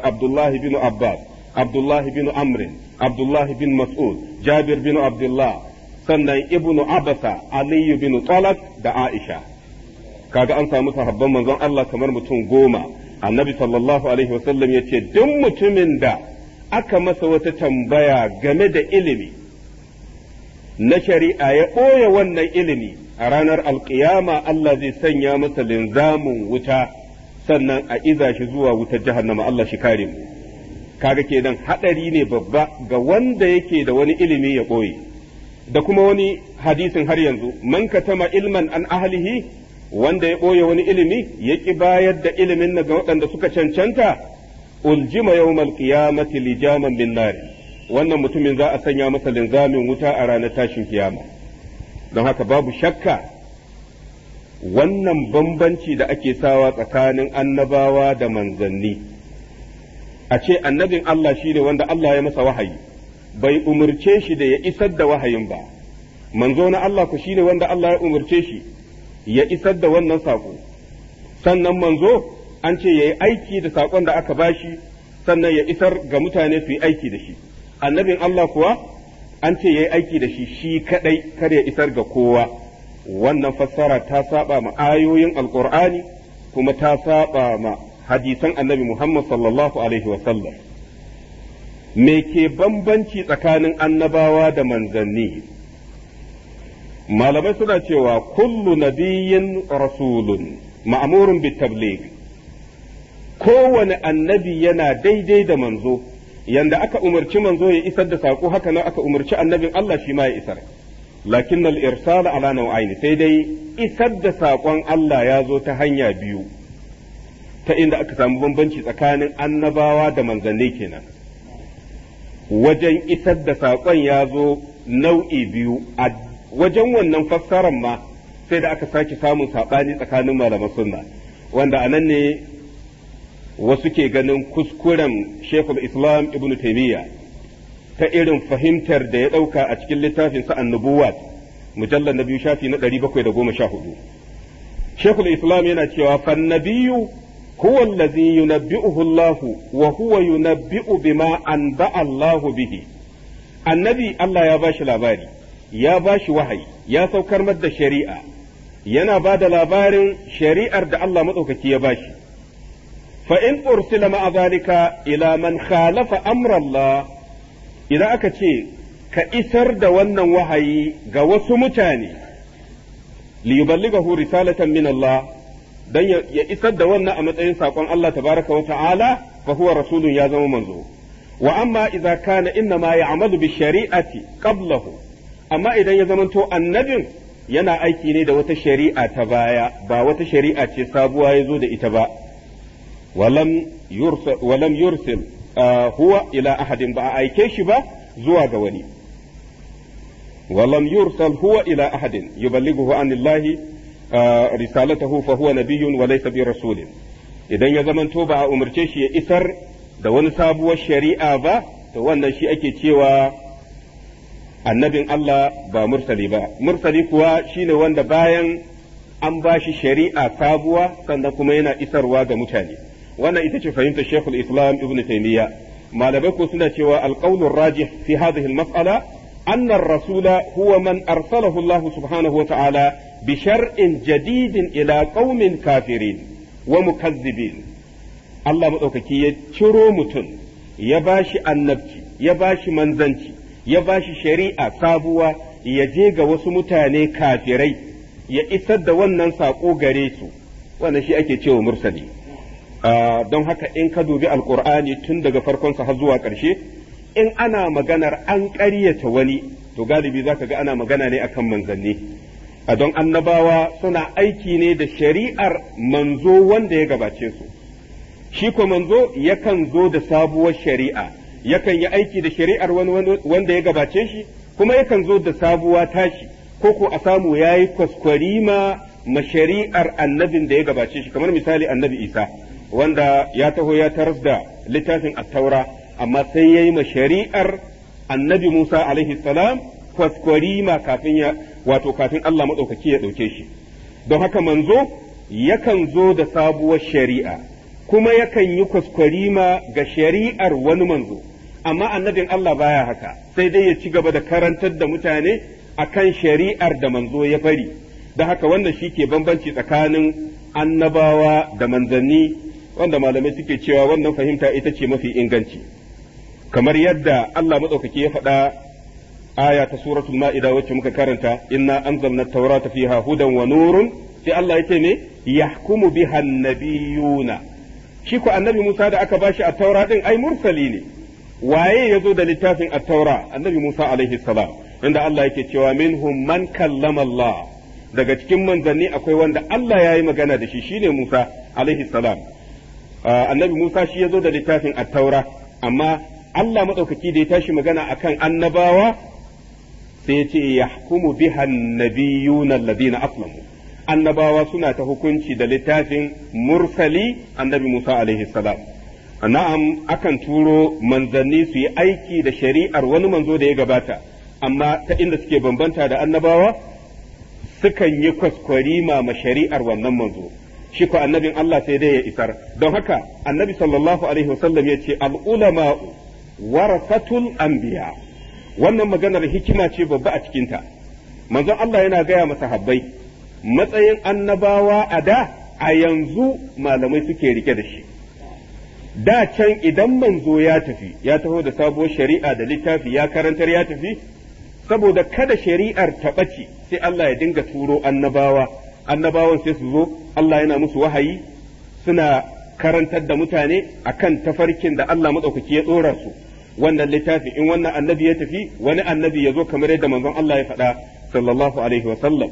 S1: عبد الله بن عباس عبد الله بن عمرو عبد الله بن مسعود جابر بن عبد الله sannan ibnu abasa aliyu bin talat da aisha kaga an samu sahabban manzon Allah kamar mutum goma annabi sallallahu alaihi wasallam ya ce duk mutumin da aka masa wata tambaya game da ilimi na shari'a ya ɓoye wannan ilimi a ranar alkiyama Allah zai sanya masa linzamin wuta sannan a iza shi zuwa wutar jahannama Allah shi kare mu kaga kenan hadari ne babba ga wanda yake da wani ilimi ya koyi da kuma wani hadisin har yanzu man katama ilman an ahlihi wanda ya ɓoye wani ilimi ya ƙi bayar da ilimin na ga waɗanda suka cancanta uljima yawmal qiyamati lijaman min nar wannan mutumin za a sanya masa linzamin wuta a ranar tashin kiyama don haka babu shakka wannan bambanci da ake sawa tsakanin annabawa da manzanni a ce annabin Allah shi ne wanda Allah ya masa wahayi bai umarce shi da ya isar da wahayin ba manzo na Allah ku ne wanda Allah ya umarce shi ya isar da wannan saƙo sannan manzo an ce ya yi aiki da saƙon da aka bashi sannan ya isar ga mutane su yi aiki da shi annabin Allah kuwa an ce ya yi aiki da shi shi kadai kar ya isar ga kowa wannan fassara ta saba ma ayoyin alqur'ani kuma ta saba ma hadisan annabi Muhammad sallallahu alaihi wa me ke bambanci tsakanin annabawa da manzanni malamai suna cewa kullu nabiyyin rasulun ma'amurun bitabliq kowane annabi yana daidai da manzo yanda aka umarci manzo ya isar da sako haka nan aka umarci annabin Allah shi ma ya isar lakin al-irsal ala nau'ain sai dai isar da sakon Allah ya zo ta hanya biyu ta inda aka samu bambanci tsakanin annabawa da manzanni kenan wajen isar da sakon ya zo nau'i biyu a wajen wannan fassarar ma sai da aka sake samun saɓani tsakanin malaman sunna wanda anan ne wasu ke ganin kuskuren shekul islam ibn taimiyya ta irin fahimtar da ya ɗauka a cikin littafin sa Nubuwat mujallar na biyu shafi na ɗari bakwai da goma sha hudu shekul islam yana cewa fannabiyu huwa allazi yunabbi'uhu Allah wa huwa yunabbi'u bima anba'a Allah bihi annabi Allah ya bashi labari ya bashi wahayi ya saukar da shari'a yana ba da labarin shari'ar da Allah Madaukaki ya bashi فإن أرسل مع amralla idan aka ce ka isar da wannan wahayi ga wasu mutane. متاني ليبلغه رسالة من الله dan ya isar da wannan a matsayin saƙon Allah tabaraka wa ta'ala fa rasulun ya zama manzo wa amma idza kana inna ma ya'malu bi shari'ati amma idan ya zamanto annabin yana aiki ne da wata shari'a ta baya ba wata shari'a ce sabuwa ya zo da ita ba walam yursil walam ah, yursil huwa ila ahadin ba a aike shi ba zuwa ga wani walam yursal huwa ila ahadin yuballighu anillahi ah, risalatahu fa huwa nabiyyun wa laysa bi rasulin idan ya zamanto ba a umarce shi ya isar da wani sabuwar shari'a ba to wannan shi ake cewa annabin Allah ba mursali ba mursali kuwa shine wanda bayan an ba shi shari'a sabuwa sannan kuma yana isarwa ga mutane wannan ita ce fahimtar Sheikhul Islam Ibn Taimiyya. malamai ko suna cewa alqaulur raji fi hadhihi al-mas'ala anna rasula huwa man arsalahu Allah subhanahu wa ta'ala bi shar'in jadidin ila qaumin kafirin wa mukazzibin Allah madaukaki ya ciro mutum ya bashi annabci ya bashi manzanci ya bashi shari'a sabuwa ya je ga wasu mutane kafirai ya isar da wannan saƙo gare su wannan shi ake cewa mursali Ah, don haka in ka dubi alkur'ani tun daga farkon farkonsa har zuwa ƙarshe in ana maganar an ƙaryata wani to galibi za ka ga ana magana ne akan manzanni a don annabawa suna aiki ne da shari'ar manzo wanda ya gabace su shi ko manzo yakan zo da sabuwar shari'a yakan yi aiki da shari'ar wani wanda ya gabace shi kuma yakan zo da sabuwa tashi ko ko a samu yayi kwaskwarima ma shari'ar annabin da ya gabace shi kamar misali annabi Isa wanda ya taho ya taras da littafin attaura amma sai ya yi ma shari'ar annabi Musa alaihi salam kwaskwarima kafin ya wato kafin Allah maɗaukaki ya ɗauke shi don haka manzo yakan zo da sabuwar shari'a kuma yakan yi kwaskwarima ga shari'ar wani manzo amma annabin Allah baya haka sai dai ya ci gaba da karantar da mutane akan shari'ar da manzo ya bari da haka wannan shi ke bambanci tsakanin annabawa da manzanni wanda malamai suke cewa wannan fahimta ita ce mafi inganci kamar yadda Allah madaukaki ya faɗa aya ta suratul ma'ida wacce muka karanta inna anzalna taurata fiha hudan wa nurun sai Allah yake ne yahkumu biha annabiyuna shi ko annabi Musa da aka bashi a taura din ai mursali ne waye yazo da littafin at-taura annabi Musa alaihi salam inda Allah yake cewa minhum man kallama Allah daga cikin manzanni akwai wanda Allah ya yi magana da shi shine Musa alaihi salam Eh, annabi Musa shi ya zo da littafin attaura amma Allah maɗaukaki da ya tashi magana akan annabawa sai ya ce ya hukumu bihan alladhina aslamu annabawa suna ta hukunci da littafin mursali annabi Musa alaihi salam na'am akan turo manzanni su yi aiki da shari'ar wani manzo da ya gabata amma ta inda suke bambanta da annabawa sukan yi kwaskwarima ma shari'ar wannan manzo shi ko annabin Allah sai dai ya isar don haka annabi sallallahu alaihi wasallam ya ce ulama warasatul anbiya wannan maganar hikima ce babba a cikin ta manzon Allah yana gaya masa habbai matsayin annabawa a da a yanzu malamai suke rike da shi da can idan manzo ya tafi ya taho da sabuwar shari'a da littafi ya karantar ya tafi saboda kada shari'ar ta ɓaci sai Allah ya dinga turo annabawa annabawan sai su zo Allah yana musu wahayi suna karantar da mutane akan tafarkin da Allah madaukaki ya dora su wannan littafi in wannan annabi ya tafi wani annabi ya zo kamar yadda manzon Allah ya faɗa sallallahu alaihi wa sallam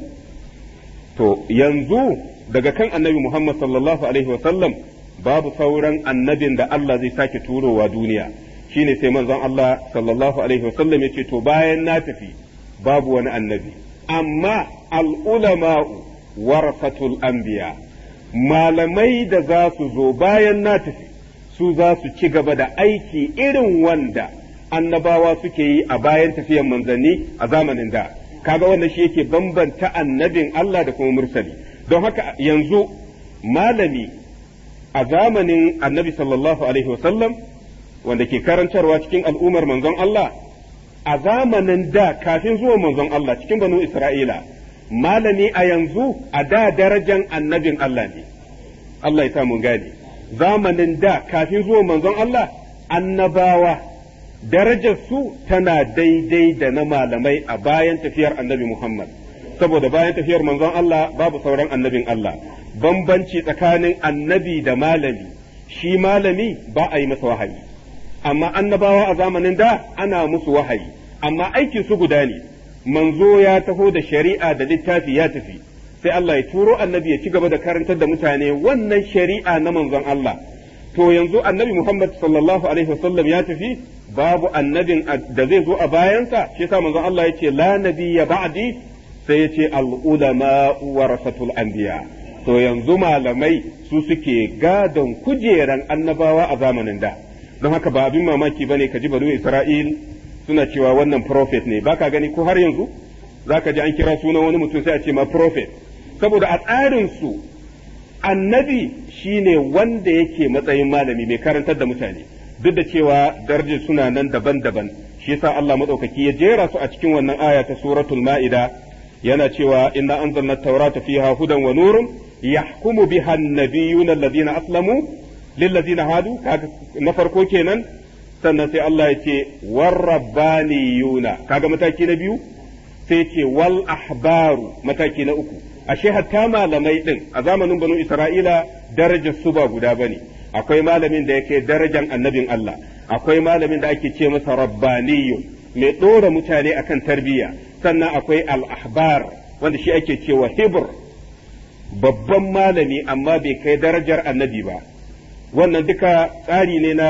S1: to yanzu daga kan annabi Muhammad sallallahu alaihi wa sallam babu sauran annabin da Allah zai sake turowa duniya shine sai manzon Allah sallallahu alaihi wa sallam ya ce to bayan na tafi babu wani annabi amma al ulama'u warfatul anbiya malamai da za su zo bayan natifi su za su ci gaba da aiki irin wanda annabawa suke yi a bayan tafiyan manzanni a zamanin da kaga wannan shi yake bambanta annabin Allah da kuma mursali don haka yanzu malami a zamanin annabi sallallahu alaihi wasallam wanda ke karantarwa cikin al'ummar manzon Allah a zamanin da kafin zuwan manzon Allah cikin banu Isra'ila malami a yanzu a da darajan annabin Allah ne Allah ya sa mun gane zamanin da kafin zuwa manzon Allah annabawa darajar su tana daidai da na malamai a bayan tafiyar annabi Muhammad saboda bayan tafiyar manzon Allah babu sauran annabin Allah bambanci tsakanin annabi da malami shi malami ba a yi masa wahayi amma annabawa a zamanin da ana musu wahayi amma aikin su guda ne manzo ya taho da shari'a da littafi ya tafi sai Allah ya turo annabi ya ci gaba da karantar da mutane wannan shari'a na manzon Allah to yanzu annabi Muhammad sallallahu alaihi wasallam ya tafi babu annabin da zai zo a bayansa shi yasa manzon Allah yace la nabiyya ba'di sai yace al ulama warasatul anbiya to yanzu malamai su suke gadon kujeran annabawa a zamanin da don haka ba abin mamaki bane ka ji banu Isra'il suna cewa wannan prophet ne baka gani ko har yanzu zaka ji an kira sunan wani mutum sai a ce ma prophet saboda a tsarin su annabi shine wanda yake matsayin malami mai karantar da mutane duk da cewa darajin suna nan daban-daban shi yasa Allah madaukaki ya jera su a cikin wannan aya ta suratul ma'ida yana cewa inna anzalna taurata fiha hudan wa nurun yahkumu biha an-nabiyyuna alladhina aslamu lil hadu na farko kenan sannan sai Allah ya ce warrabbaniyuna kaga mataki na biyu sai ce wal ahbaru mataki na uku ashe hatta malamai din a zamanin banu Isra'ila darajar su ba guda bane akwai malamin da yake darajan annabin Allah akwai malamin da ake ce masa rabbaniyun mai ɗora mutane akan tarbiyya sannan akwai al-ahbar wanda shi ake cewa hibr babban malami amma bai kai darajar annabi ba wannan duka tsari ne na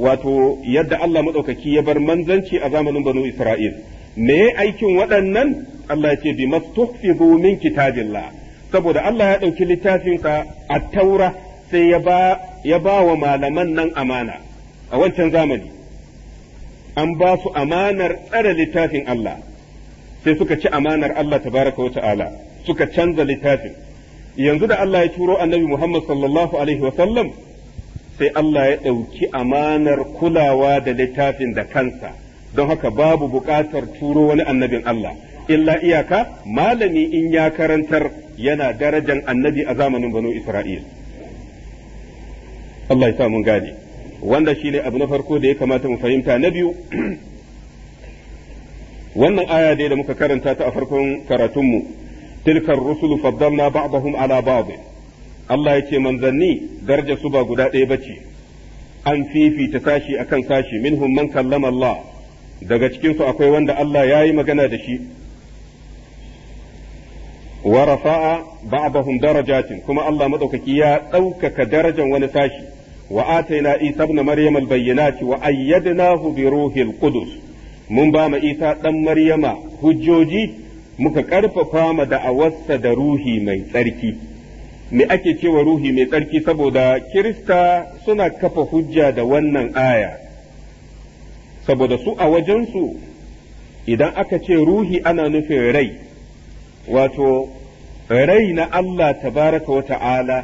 S1: wato yadda Allah maɗaukaki ya bar manzanci a zamanin banu Isra'il. Me aikin waɗannan Allah ce bi mastuhfizu min kitabillah saboda Allah ya ɗauki littafinsa a taura sai ya ba wa malaman nan amana a wancan zamani an ba su amanar tsare littafin Allah sai suka ci amanar Allah tabaraka wa ta'ala suka canza littafin yanzu da Allah ya turo annabi Muhammad sallallahu alaihi wa sallam sai Allah ya ɗauki amanar kulawa da littafin da kansa don haka babu buƙatar turo wani annabin Allah illa iyaka malami in ya karantar yana darajan annabi a zamanin banu Isra'il Allah ya sa mun gane wanda shi ne abu na farko da ya kamata mu fahimta na biyu wannan aya dai da muka karanta ta a farkon karatunmu tilkar rusulu faddalna ba'dahum ala ba'd Allah ya ce manzanni daraja su ba guda ɗaya bace an fifita sashi akan sashi minhum man kallama Allah daga cikin su akwai wanda Allah ya yi magana da shi wa rafa'a ba'dahum darajatin kuma Allah madaukaki ya ɗaukaka darajan wani sashi wa ataina Isa ibn Maryam al-bayyinati wa ayyadnahu bi ruhil qudus mun ba ma Isa dan Maryama hujjoji muka karfafa ma da'awarsa da ruhi mai tsarki me ake cewa ruhi mai tsarki saboda kirista suna kafa hujja da wannan aya saboda su a wajensu idan aka ce ruhi ana nufin rai wato rai na Allah tabaraka wa ta'ala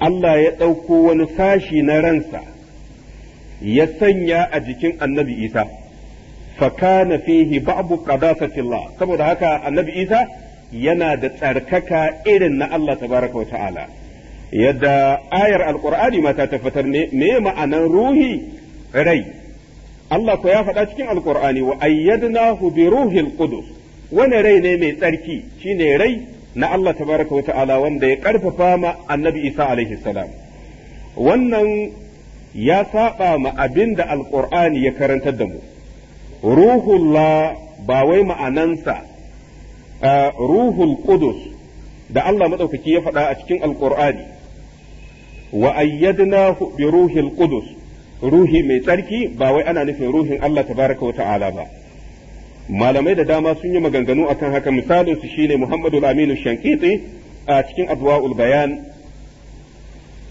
S1: Allah ya ɗauko wani sashi na ransa ya sanya a jikin annabi isa fakana fihi babu qadasatillah saboda haka annabi isa yana da tsarkaka irin na Allah tabaraka wa ta'ala yadda ayar alqur'ani ma ta tabbatar ne me ma'anar ruhi rai Allah ko ya faɗa cikin alqur'ani wa ayyadnahu bi ruhil qudus wani rai ne mai tsarki shine rai na Allah tabaraka wa ta'ala wanda ya ƙarfafa ma annabi Isa alaihi salam wannan ya saɓa ma abin da alqur'ani ya karantar da mu ruhullah ba wai ma'anansa ruhul qudus da Allah madaukaki ya faɗa a cikin alqur'ani wa ayyadnahu bi ruhil qudus ruhi mai tsarki ba wai ana nufin ruhin Allah tabaraka wa ta'ala ba malamai da dama sun yi maganganu akan haka misalin su shine Muhammadu Aminu Shankiti a cikin Adwaul Bayan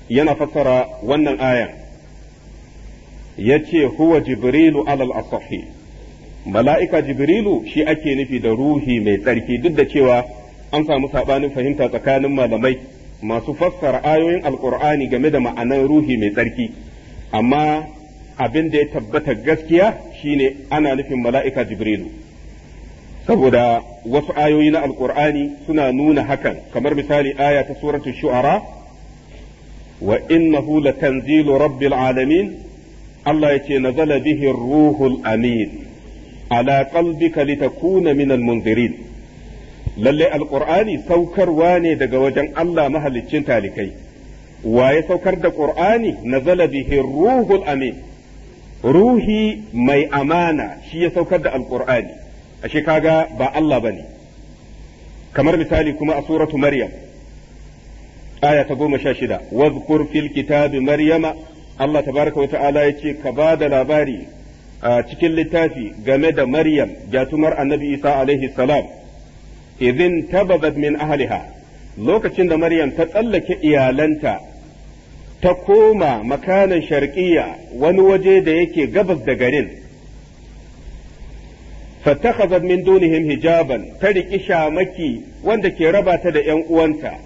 S1: yana fassara wannan ayan yace huwa jibrilu alal asahi mala'ika jibrilu shi ake nufi da ruhi mai tsarki duk da cewa an samu saɓanin fahimta tsakanin malamai masu fassara ayoyin alkur'ani game da ma'anar ruhi mai tsarki amma abin da ya tabbata gaskiya shine ana nufin mala'ika jibrilu saboda wasu ayoyi na alkur'ani suna nuna hakan kamar misali aya ta suratul shu'ara wa innahu latanzilu rabbil alamin Allah ya ce nazala bihi ruhul amin ala qalbika litakuna minal munzirin lalle alqur'ani saukarwa ne daga wajen Allah mahaliccin talikai waye saukar da qur'ani nazala bihi ruhul amin ruhi mai amana shi ya saukar da alqur'ani ashe kaga ba Allah bane kamar misali kuma a suratu maryam aya ta goma sha shida wazkur fil kitabi maryama Allah tabaraka wa ta'ala yace ka ba da labari a cikin littafi game da Maryam jatumar annabi Isa alaihi salam idin tabadat min ahliha lokacin da Maryam ta tsallake iyalanta ta koma makanan sharqiyya wani waje da yake gabas da garin fattakhazat min dunihim hijaban ta riƙi shamaki wanda ke raba ta da ‘yan uwanta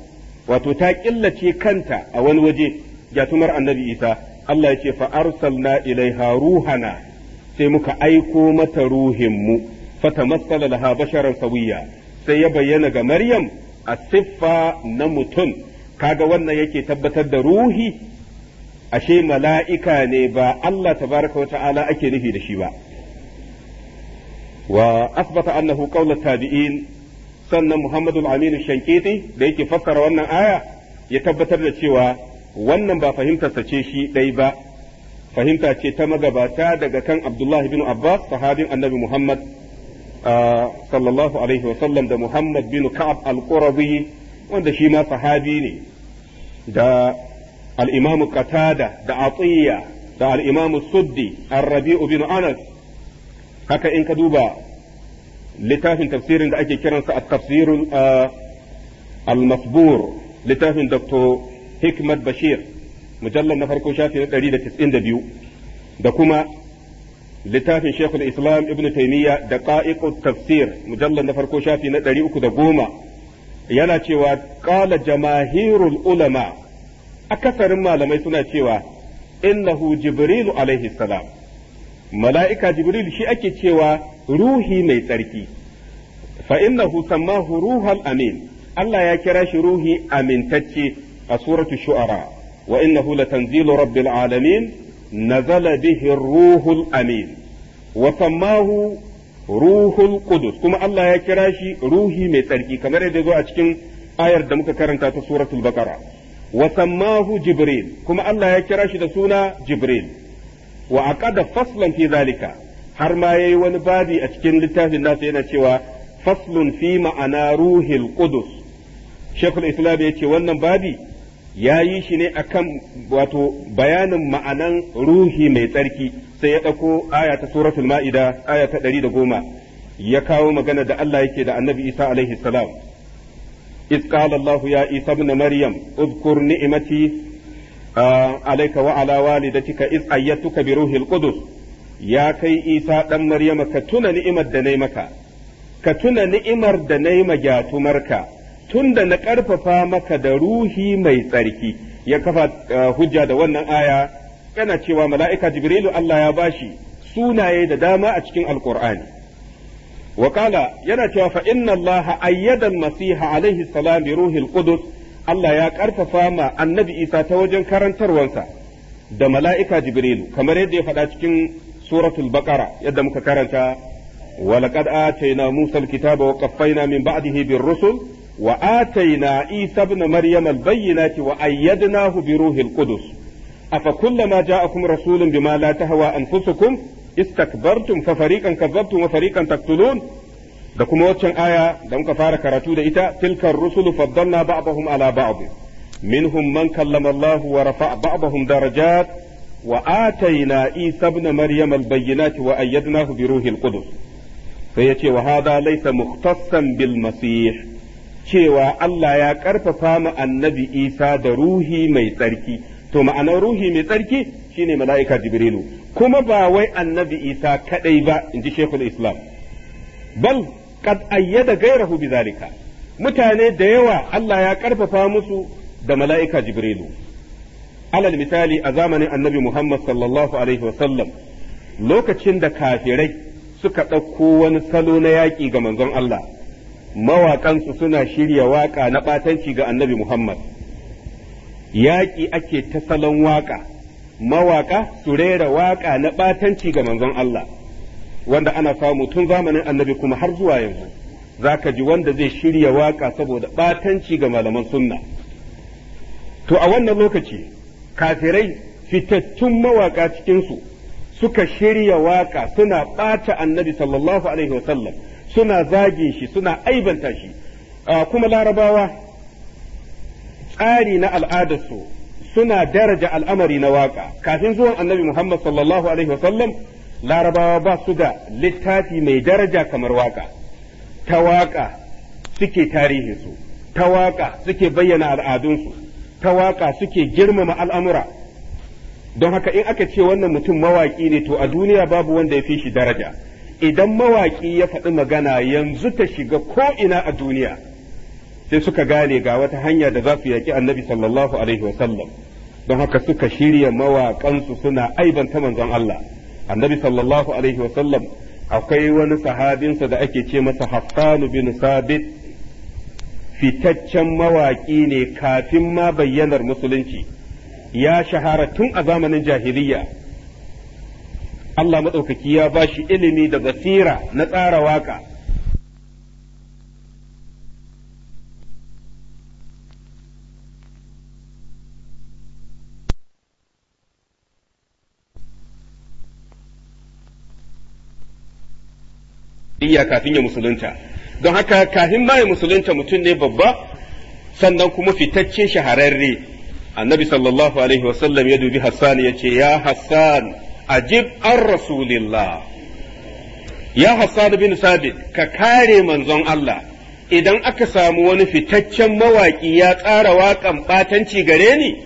S1: wato ta killace kanta a wani waje jatumar annabi isa Allah ya ce fa na ilai haruhana. sai muka aiko mata ruhinmu fatamassala laha basharan sawiya sai ya bayyana ga maryam a siffa na mutum kaga wannan yake tabbatar da ruhi ashe mala'ika ne ba Allah tabaraka wa ta'ala ake nufi da shi ba wa asbata annahu qawla tabi'in sannan Muhammadu Aminu amin shankiti da yake fassara wannan aya ya tabbatar da cewa wannan ba fahimtarsa ce shi ɗai ba fahimta ce ta magabata daga kan Abdullahi bin Abbas sahabin annabi Muhammad sallallahu alaihi wa sallam da Muhammad bin Ka'ab al wanda shi ma sahabi ne da al imamu Qatada da Atiyya da al imamu Suddi ar-Rabi'u bin Anas haka in ka duba littafin tafsirin da ake kiransa a tafsirin al-masbur littafin Dr. Hikmat Bashir mujallar na farko shafi na 192 da kuma littafin Sheikhul Islam Ibn Taimiyya da Qa'iqut Tafsir mujallar na farko shafi na goma. yana cewa qala jamahirul ulama akasarin malamai suna cewa innahu jibrilu alaihi salam mala'ika jibril shi ake cewa ruhi mai tsarki fa innahu sammahu ruhal amin Allah ya kira shi ruhi amintacce a suratu shu'ara wa innahu latanzilu rabbil alamin nazala bihin ruhul amin wa sammahu ruhul kuma Allah ya kira shi ruhi mai tsarki kamar yadda zo a cikin ayar da muka karanta ta suratul baqara wa jibril kuma Allah ya kira shi da suna jibril wa aqada faslan fi zalika har ma yayi wani babi a cikin littafin nasa yana cewa faslun fi ma'ana ruhil qudus shaykhul islam ya ce wannan babi ya yi shi ne akan wato bayanin ma'anan ruhi mai tsarki sai ya ɗauko ayata ta suratul ma'ida ayata ɗari da goma ya kawo magana da Allah yake da annabi isa alaihi salam iz qala allahu ya isabna maryam udkur ni'mati ah, alayka wa ala walidatika iz ayyatuka bi ruhi alqudus ya kai isa ɗan maryama ka tuna ni'imar da nayi maka ka tuna ni'imar da nayi magatumarka marka tunda na ƙarfafa maka da ruhi mai tsarki ya kafa eh, hujja da wannan aya yana cewa mala'ika jibrilu Allah ya bashi sunaye da dama a cikin alkur'ani wakala yana cewa fa inna Allah ayyada masiha alaihi salam bi ruhil qudus Allah ya ƙarfafa ma annabi Isa ta wajen karantarwansa da mala'ika jibrilu kamar yadda ya faɗa cikin suratul baqara yadda muka karanta na آتينا kitaba الكتاب وقفينا من بعده rusul. Wa'ataina ataina isa na maryam al-bayyinati wa ayyadnahu bi ruhil qudus afa kullama ja'akum rasulun bima la tahwa anfusukum istakbartum fa fariqan kadzabtum wa fariqan da kuma waccan aya da muka fara karatu da ita tilkar rusulu faddalna ba'dahum ala ba'd minhum man kallama Allah wa rafa'a ba'dahum darajat wa ataina Isa na Maryam al-bayyinati wa ayyadnahu bi ruhil qudus sai yace wa hadha laysa mukhtassan bil masih cewa Allah ya ƙarfafa mu annabi Isa da ruhi mai tsarki to ma'anar ruhi mai tsarki shine mala'ika Jibrilu kuma ba wai annabi Isa kadai ba inji Sheikhul Islam bal qad ayyada gairahu bizalika mutane da yawa Allah ya ƙarfafa musu da mala'ika Jibrilu alal misali a zamanin annabi Muhammad sallallahu alaihi wasallam lokacin da kafirai suka ɗauko wani salo na yaƙi ga manzon Allah mawaƙansu suna shirya waƙa na ɓatanci ga annabi Muhammad. Yaƙi ake ta salon waƙa, mawaƙa su rera waƙa na ɓatanci ga manzon Allah, wanda ana samu tun zamanin annabi kuma har zuwa yanzu. Zaka ji wanda zai shirya waƙa saboda ɓatanci ga malaman sunna. To a wannan lokaci, kafirai fitattun mawaƙa cikinsu suka shirya waƙa suna ɓata annabi sallallahu alaihi wasallam. suna zage shi suna aibanta shi kuma larabawa tsari na al'adarsu suna daraja al'amari na waka kafin zuwan annabi muhammad sallallahu alaihi wasallam larabawa ba su da littafi mai daraja kamar waka ta waka suke tarihinsu ta waka suke bayyana al'adunsu ta waka suke girmama al'amura don haka in aka ce wannan mutum mawaƙi ne to a duniya babu wanda ya fi shi daraja idan mawaƙi ya faɗi magana yanzu ta shiga ko ina a duniya sai suka gane ga wata hanya da za su yaƙi annabi sallallahu alaihi wasallam don haka suka shirya mawaƙansu suna aibanta manzon Allah annabi sallallahu alaihi wasallam akwai wani sahabinsa da ake ce masa haffanu bin Sabit fitaccen mawaƙi ne kafin ma bayyanar musulunci ya shahara tun a zamanin jahiliya Allah maɗaukaki ya ba shi ilimi da basira na tsara waka iya kafin ya musulunta don haka kafin ma ya musulunta mutum ne babba sannan kuma fitaccen shahararre annabi sallallahu alaihi wasallam ya dubi hassan ya ce ya hassan ajib an rasulillah ya hassan bin sabit ka kare manzon Allah idan aka samu wani fitaccen mawaƙi ya tsara waƙan ɓatanci gare ni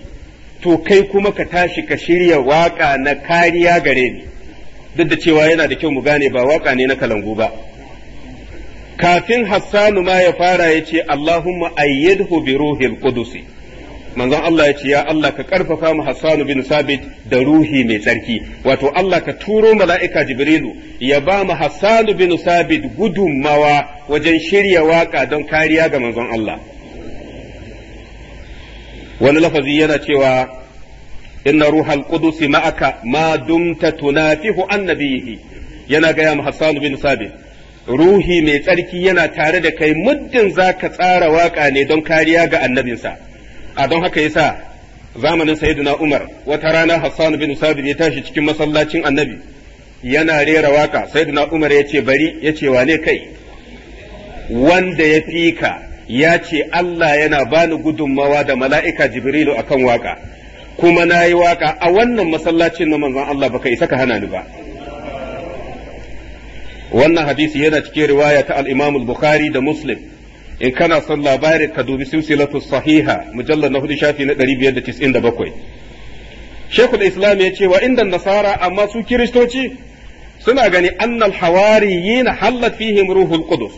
S1: to kai kuma ka tashi ka shirya waƙa na kariya gare ni duk da cewa yana da kyau mu gane ba waƙa ne na kalangu ba kafin hassanu ma ya fara ya ce Allahumma ayyadhu bi ruhil qudusi manzon Allah ya ce ya Allah ka karfafa mu Hassan bin Sabit da ruhi mai tsarki wato Allah ka turo mala'ika Jibrilu ya ba mu Hassan bin Sabit gudummawa wajen shirya waka don kariya ga manzon Allah wani lafazi yana cewa inna ruhal qudus ma'aka ma dumta tunafihu annabihi yana ga ya Hassan bin Sabit ruhi mai tsarki yana tare da kai muddin za ka tsara waƙa ne don kariya ga annabinsa a don haka yasa zamanin sayyidina Umar wata rana Hassan bin Sabir ya tashi cikin masallacin Annabi yana rera waka sayyidina Umar ya ce bari ya ce wane kai wanda ya fi ka ya ce Allah yana bani gudunmawa da mala'ika Jibrilu a kan waka kuma na yi waka a wannan masallacin na manzon Allah baka isa ka hana ni ba wannan hadisi yana cikin riwaya ta al bukhari da Muslim in kana son labari ka dubi silsilatu sahiha mujallar na hudu shafi na 597 shekul islam ya ce wa inda nasara amma su kiristoci suna gani annal hawariyina hallat fihim ruhul qudus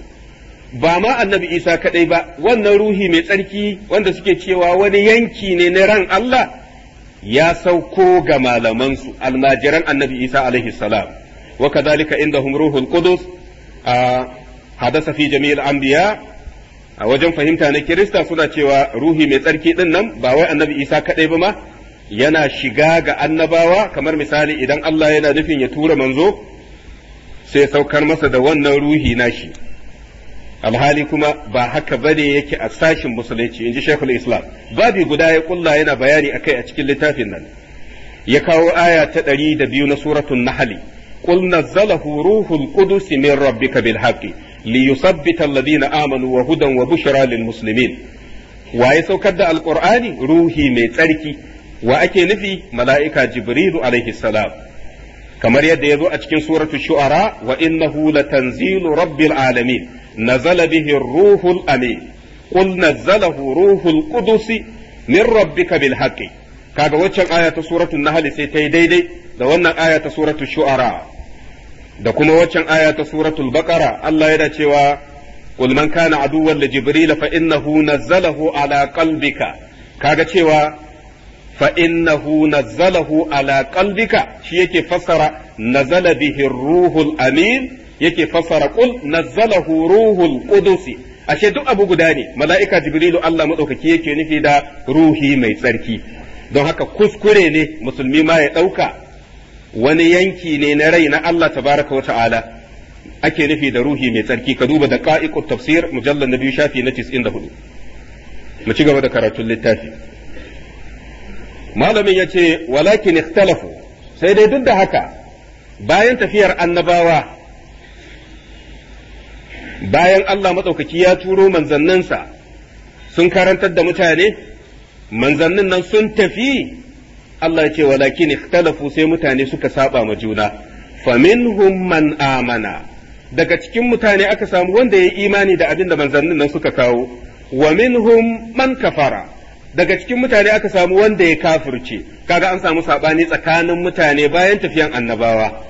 S1: ba ma annabi isa kadai ba wannan ruhi mai tsarki wanda suke cewa wani yanki ne na ran Allah ya sauko ga malamansu almajiran annabi isa alaihi salam wa kadhalika indahum ruhul qudus a ah, hadasa fi jami'il anbiya a wajen fahimta na kirista suna cewa ruhi mai tsarki din nan ba wai annabi isa kaɗai ba ma yana shiga ga annabawa kamar misali idan Allah yana nufin ya tura manzo sai saukar masa da wannan ruhi na shi alhali kuma ba haka ba bane yake a sashin musulunci in ji shekul islam babi guda ya kulla yana bayani a kai a cikin littafin nan ya kawo aya ta ɗari da biyu na suratun nahali qul nazzalahu ruhul qudus min rabbika bil li yusabbita na amanu wa hudan wa bushra lil muslimin waye saukar da alqur'ani ruhi mai tsarki wa ake nufi mala'ika jibrilu alaihi salam kamar yadda ya zo a cikin suratu shu'ara wa innahu latanzilu rabbil alamin nazala bihi ruhul amin qul nazzalahu ruhul qudus min rabbika bil haqqi kaga waccan aya ta suratun nahl sai ta yi daidai da wannan aya ta suratul shu'ara da kuma waccan aya ta suratul baqara Allah yana cewa qul man kana aduwwan li jibril fa innahu nazzalahu ala qalbika kaga cewa fa innahu nazzalahu ala qalbika shi yake fassara nazala bihi ruhul amin yake fassara qul nazzalahu ruhul qudus ashe duk abu guda ne mala'ika jibrilu Allah madaukaki yake nufi da ruhi mai tsarki don haka kuskure ne musulmi ma ya dauka wani yanki ne na rai na Allah tabaraka wa ta'ala ake nufi da ruhi mai tsarki ka duba da qa'iqut tafsir mujallal na biyu shafi na 94 mu ci gaba da karatun littafi malamin ya ce walakin ikhtalafu sai dai duk da haka bayan tafiyar annabawa bayan Allah matsaukaki ya turo manzanninsa sun karantar da mutane manzannin nan sun tafi Allah ya ce walakin ikhtalafu sai mutane suka saba ma juna faminhum man amana daga cikin mutane aka samu wanda ya yi imani da abin da manzannin nan suka kawo wa minhum man kafara daga cikin mutane aka samu wanda ya kafirce kaga an samu sabani tsakanin mutane bayan tafiyan annabawa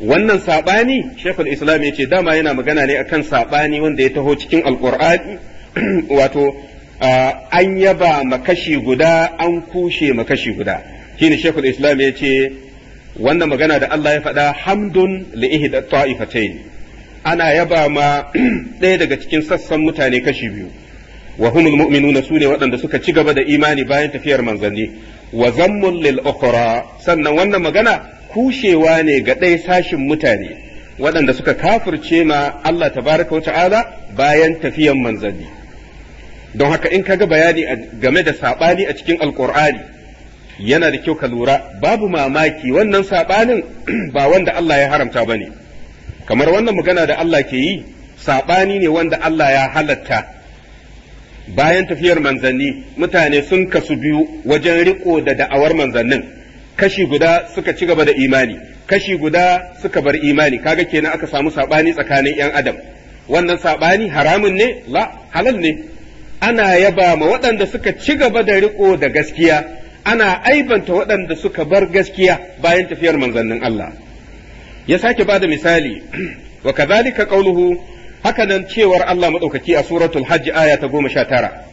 S1: wannan sabani shekul islam ya ce dama yana magana ne akan sabani wanda ya taho cikin alqur'ani wato an yaba makashi guda an kushe ma kashi guda shine shekul islam ya ce wannan magana da Allah ya faɗa hamdun li ihda ta'ifatain ana yaba ma ɗaya daga cikin sassan mutane kashi biyu wa humul mu'minuna sune waɗanda suka ci gaba da imani bayan tafiyar manzanni wa zammun lil ukhra sannan wannan magana kushewa ne ga ɗai sashin mutane waɗanda suka kafirce ma Allah tabaraka wa ta'ala bayan tafiyar manzanni don haka in kaga bayani game da saɓani a cikin alƙur'ani yana da kyau ka lura babu mamaki wannan saɓanin ba wanda Allah ya haramta ba ne kamar wannan magana da Allah ke yi saɓani ne wanda Allah ya halatta bayan tafiyar manzanni mutane sun kasu biyu wajen riko da da'awar manzannin kashi guda suka ci gaba da imani kashi guda suka bar imani kaga kenan aka samu saɓani tsakanin 'yan adam wannan saɓani haramun ne la halal ne ana yaba ma waɗanda suka ci gaba da riko da gaskiya ana aibanta waɗanda suka bar gaskiya bayan tafiyar manzannin Allah ya sake da misali wa kadhalika qawluhu hakanan cewar Allah madaukaki a suratul hajji aya ta tara.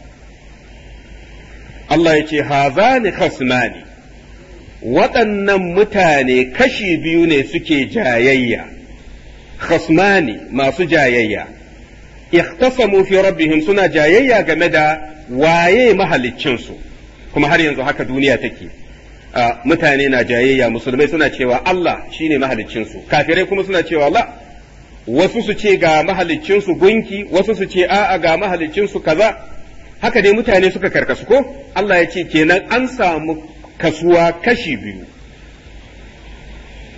S1: Allah ya ce hazani khasmani waɗannan mutane kashi biyu ne suke jayayya khasmani masu jayayya ikhtasamu fi rabbihim suna jayayya game da waye mahalicinsu su kuma har yanzu haka duniya take mutane na jayayya musulmai suna cewa Allah shine mahaliccin su kafirai kuma suna cewa la wasu su ce ga mahaliccin gunki wasu su ce a'a ga mahaliccin kaza haka dai mutane suka karkasu ko Allah ya ce kenan an samu kasuwa kashi biyu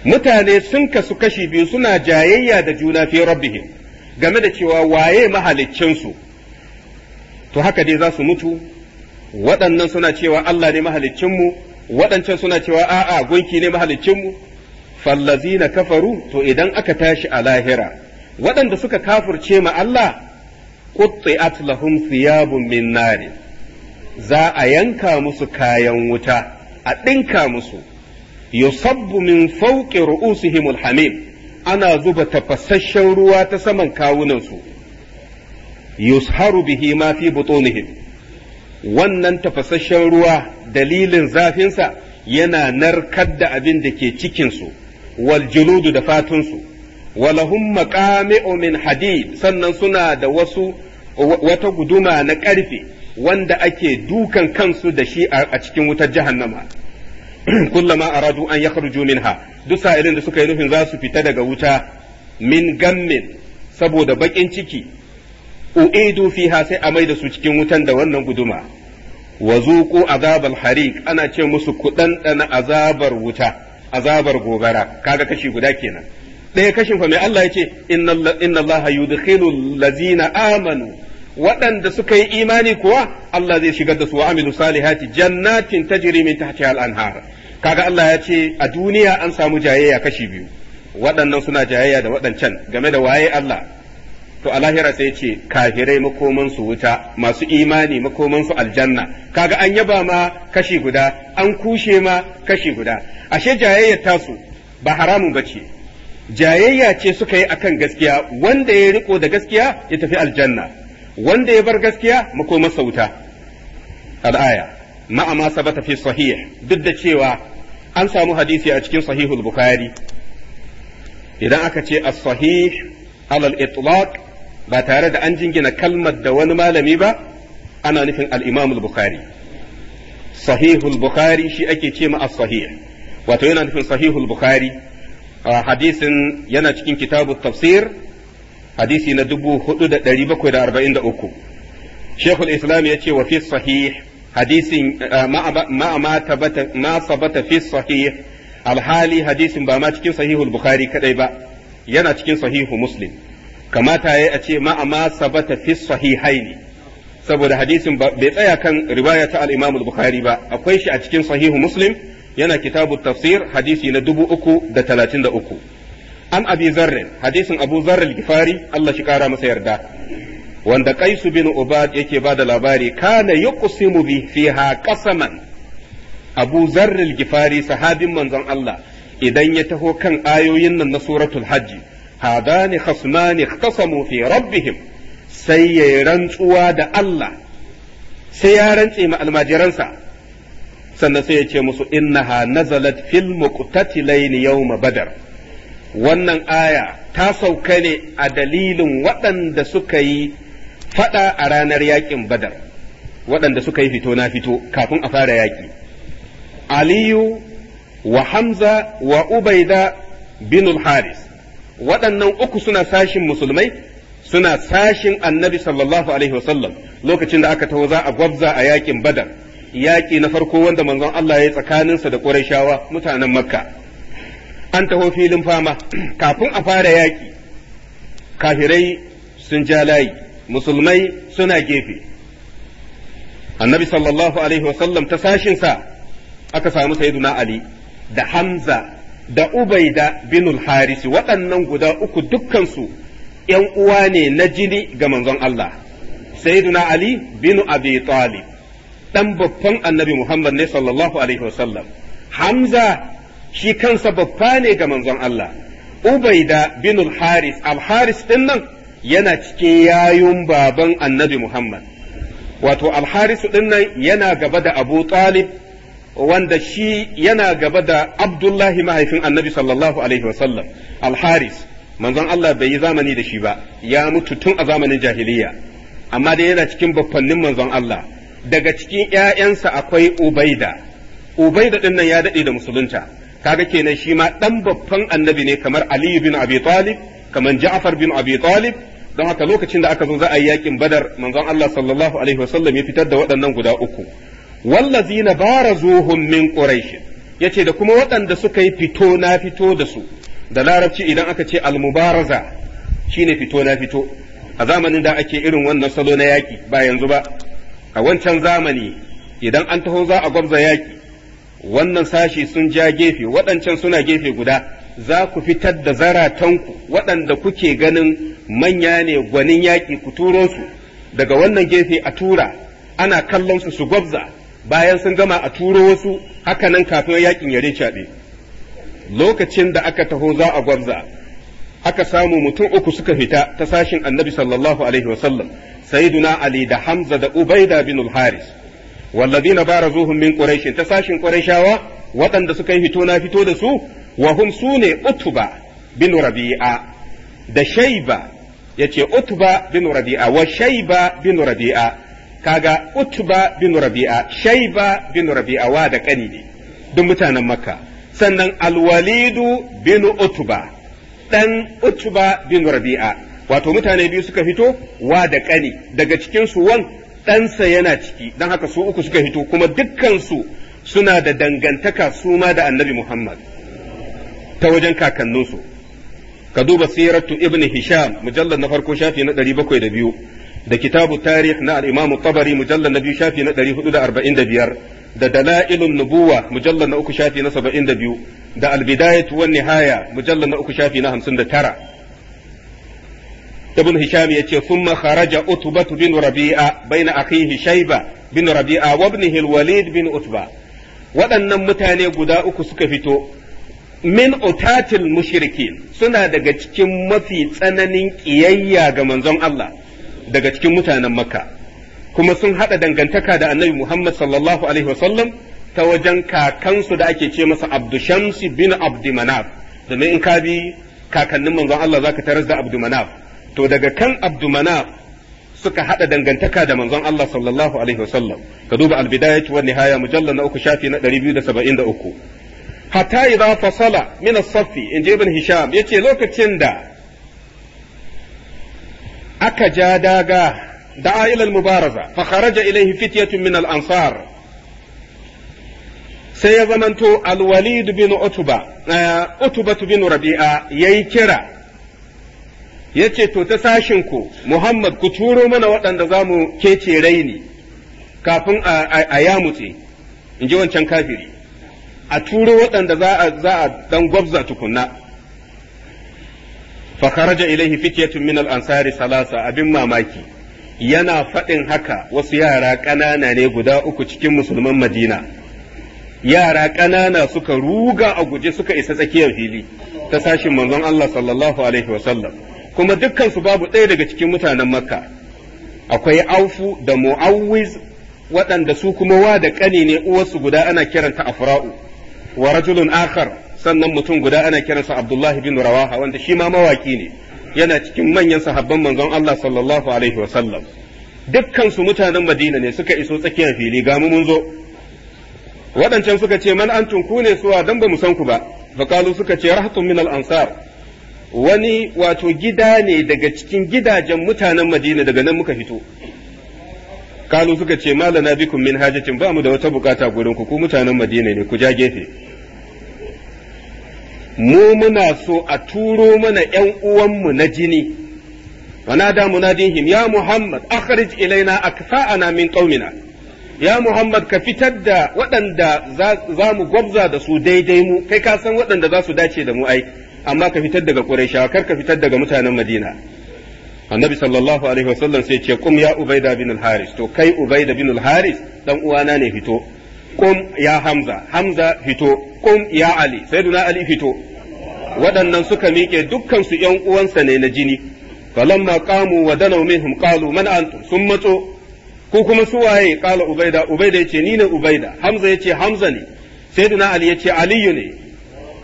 S1: mutane sun kasu kashi biyu suna jayayya da juna fi rabbihim game da cewa waye mahaliccinsu to haka dai za su mutu waɗannan suna cewa Allah ne mahaliccinmu waɗancan suna cewa a'a gunki ne mahaliccinmu fallazina kafaru to idan aka tashi a lahira waɗanda suka kafurce ma Allah qutti'at lahum thiyabun min nari za a yanka musu kayan wuta a ɗinka musu yusabbu min fawqi ru'usihim hamim ana zuba tafasasshen ruwa ta saman kawunansu yusharu bihi ma fi butunihim wannan tafasasshen ruwa dalilin zafinsa yana narkar da abin da ke cikinsu wal juludu da fatunsu walahum maqami'u min hadid sannan suna da wasu wata guduma na ƙarfe wanda ake dukan kansu da shi a cikin wutar jahannama. kullama aradu an yakhruju minha duk sa'ilin da suka yi nufin za su fita daga wuta min gammin saboda bakin ciki u'idu fiha sai a mai da su cikin wutan da wannan guduma wa zuqu azabal hariq ana ce musu kudan dana azabar wuta azabar gobara kaga kashi guda kenan ɗaya kashin fa mai Allah ya ce inna Allah yudkhilu lazina amanu waɗanda suka yi imani kuwa Allah zai shigar da su wa amilu salihati jannatin tajri min tahtiha al-anhar kaga Allah ya ce a duniya an samu jayayya kashi biyu waɗannan suna jayayya da waɗancan game da waye Allah to a lahira sai ce kafirai makoman su wuta masu imani makoman su aljanna kaga an yaba ma kashi guda an kushe ma kashi guda ashe jayayyar su ba haramun bace jayayya ce suka yi akan gaskiya wanda ya riko da gaskiya ya tafi aljanna wanda ya bar gaskiya makoma sauta al'aya ma'a ma sabata fi sahih duk da cewa an samu hadisi a cikin sahihul bukhari idan aka ce as-sahih alal itlaq ba tare da an jingina kalmar da wani malami ba ana nufin al-imam bukhari sahihul bukhari shi ake ce ma as-sahih wato yana nufin sahihul bukhari hadisin yana cikin kitabut tafsir hadisi na da 4743 shekul islam ya ce wa fi sahih hadisin eh, ma ma fi sahih alhali hadisin ba ma cikin sahihul bukhari kadai ba yana cikin sahihu muslim kamata ya a ce ma ma sabata fi sahihaini saboda hadisin bai tsaya kan riwaya ta al-imam al ba akwai shi a cikin sahihu muslim yana kitabu tafsir hadisi na uku da da uku. an abi zarrin hadisin abu zarrin gifari Allah shi kara masa yarda wanda kaisu bin ubad yake bada labari kana yuqsimu bi fiha qasaman abu zarrin gifari sahabin manzon Allah idan ya taho kan ayoyin nan na suratul hajji hadani khasmani ikhtasamu fi rabbihim sai ya rantsuwa da Allah sai ya rantse ma almajiransa sannan sai ya ce musu innaha nazalat fil yau yawma badar wannan aya ta sauka ne a dalilin waɗanda suka yi faɗa a ranar yaƙin badar waɗanda suka yi fito na fito kafin a fara yaƙi aliyu wa hamza wa ubaida bin haris waɗannan uku suna sashin musulmai suna sashin annabi sallallahu alaihi wasallam lokacin da aka taho za a gwabza a yaƙin badar yaƙi na farko wanda manzon Allah ya yi tsakaninsa da ƙurashawa mutanen makka an taho filin fama kafin a fara yaƙi kafirai sun ja layi musulmai suna gefe annabi sallallahu alaihi wasallam ta sa aka samu sayyiduna ali da hamza da ubaida binul harisi waɗannan guda uku dukkansu ‘yan uwa ne na jini ga manzon Allah sayyiduna ali binu abi talib ɗan babban annabi muhammad ne sallallahu alaihi wasallam hamza shi kansa babba ne ga manzon Allah Ubaida bin al-Haris al-Haris nan yana cikin yayun baban Annabi Muhammad wato al-Haris nan yana gaba da Abu Talib wanda shi yana gaba da Abdullahi mahaifin Annabi sallallahu alaihi wasallam al-Haris manzon Allah bai yi zamani da shi ba ya mutu tun a zamanin jahiliya amma dai yana cikin baffannin manzon Allah daga cikin ‘ya'yansa akwai Ubaida, Ubaida ɗin nan ya daɗe da musulunta, kaga kenan shi ma dan babban annabi ne kamar Ali bin Abi Talib kamar Ja'far bin Abi Talib don haka lokacin da aka zo za a yi yakin Badar manzon Allah sallallahu alaihi wasallam ya fitar da waɗannan guda uku wallazina barazuhum min quraish yace da kuma waɗanda suka yi fito na fito da su da larabci idan aka ce almubaraza shine fito na fito a zamanin da ake irin wannan salo na yaki ba yanzu ba a wancan zamani idan an taho za a gwabza yaki wannan sashi sun ja gefe waɗancan suna gefe guda za ku fitar da zaratanku waɗanda kuke ganin manya ne gwanin yaƙi ku turo su daga wannan gefe a tura ana kallon su su gwabza bayan sun gama a turo wasu hakanan kafin yaƙin ya caɗe lokacin da aka taho za a gwabza aka samu mutum uku suka fita ta sashin annabi sallallahu alaihi wasallam sayyiduna ali da hamza da ubaida bin haris والذين بارزوهم من قريش تساشن قريشاوا وطن دسو كي فتونا فتو دسو وهم سوني أتبا بن ربيعة da shaiba ya ce utba bin rabi'a wa shaiba bin rabi'a kaga utba bin rabi'a shaiba bin rabi'a wa da ƙani ne duk mutanen makka sannan alwalidu bin utba ɗan utba bin rabi'a wato mutane biyu suka fito wa da ƙani daga cikin su ɗansa yana ciki don haka su uku suka hito kuma dukkansu suna da dangantaka su ma da annabi Muhammad ta wajen kakanninsu ka duba siratu ibn Hisham mujallar na farko shafi na bakwai da biyu. Da kitabu tarih na Al'imamu imam Tabari mujallar na biyu shafi na hudu da arba'in da Da biyar. dalailun nubuwa mujallar na uku shafi na saba'in da biyu. al-bidayatu wan nihaya mujallar na uku shafi na hamsin da tara. ibn hisham ce sun kharaja utba bin rabi'a baina akhihi shayba bin rabi'a wabni hilwalid bin utba waɗannan mutane guda uku suka fito min utatil mushiriki suna daga cikin mafi tsananin ƙiyayya ga manzon Allah daga cikin mutanen makka kuma sun haɗa dangantaka da annabi Muhammad sallallahu alaihi wasallam ta wajen kakansu da ake ce masa Abdushamsi bin Abdumanaf domin in ka bi kakannin manzon Allah zaka tarar da Abdumanaf to daga kan abdumanaf suka hada dangantaka da manzon Allah sallallahu alaihi wasallam ka duba albidayatu wan nihaya mujallal na uku shafi na 273 hatta idza fasala min as-saffi inji ibn hisham yace lokacin da aka ja daga da ila mubaraza fa kharaja ilayhi fityatun min al-ansar sai ya zamanto al-walid bin utba eh, utba bin rabi'a yayi kira ya ce to ta ku Muhammad ku turo mana waɗanda za mu kece raini kafin a yamutse in ji wancan kafiri a turo waɗanda za a dan gwabza tukunna fa kharaja ilaihi fityatun min al-ansari salasa abin mamaki yana faɗin haka wasu yara ƙanana ne guda uku cikin musulman Madina yara ƙanana suka ruga a guje suka isa tsakiyar fili ta sashin manzon Allah sallallahu alaihi wasallam kuma dukkansu babu ɗaya daga cikin mutanen makka akwai aufu da mu'awwiz waɗanda su kuma wa da ƙani ne uwarsu guda ana kiranta afra'u wa rajulun akhar sannan mutum guda ana kiransa abdullahi bin rawaha wanda shi ma mawaki ne yana cikin manyan sahabban manzon Allah sallallahu alaihi wa sallam dukkan mutanen Madina ne suka iso tsakiyar fili ga mu mun zo waɗancan suka ce man antum ku ne suwa dan ba mu san ku ba Bakalu suka ce rahatun min al ansar wani wato gida ne daga cikin gidajen mutanen madina daga nan muka fito kalu suka ce malana bikum min hajatin ba mu da wata bukata gurin ku ku mutanen madina ne ku ja gefe mu muna so a turo mana yan uwanmu na jini wanada munadihim ya muhammad akhrij ilaina akfa'ana min qaumina ya muhammad ka fitar da waɗanda za mu gwabza da su daidai mu kai ka san waɗanda za su dace da mu ai amma ka fitar daga Qurayshawa kar ka fitar daga mutanen Madina annabi sallallahu alaihi wasallam sai ce kum ya ubaida bin al-haris to kai ubaida bin al-haris dan uwana ne fito kum ya hamza hamza fito kum ya ali sayyiduna ali fito waɗannan suka miƙe dukkan su ƴan uwansa ne na jini falamma qamu wa danaw minhum qalu man antum sun matso ko kuma su waye qala ubaida ubaida yace ni ne ubaida hamza yace hamza ne sayyiduna ali yace aliyu ne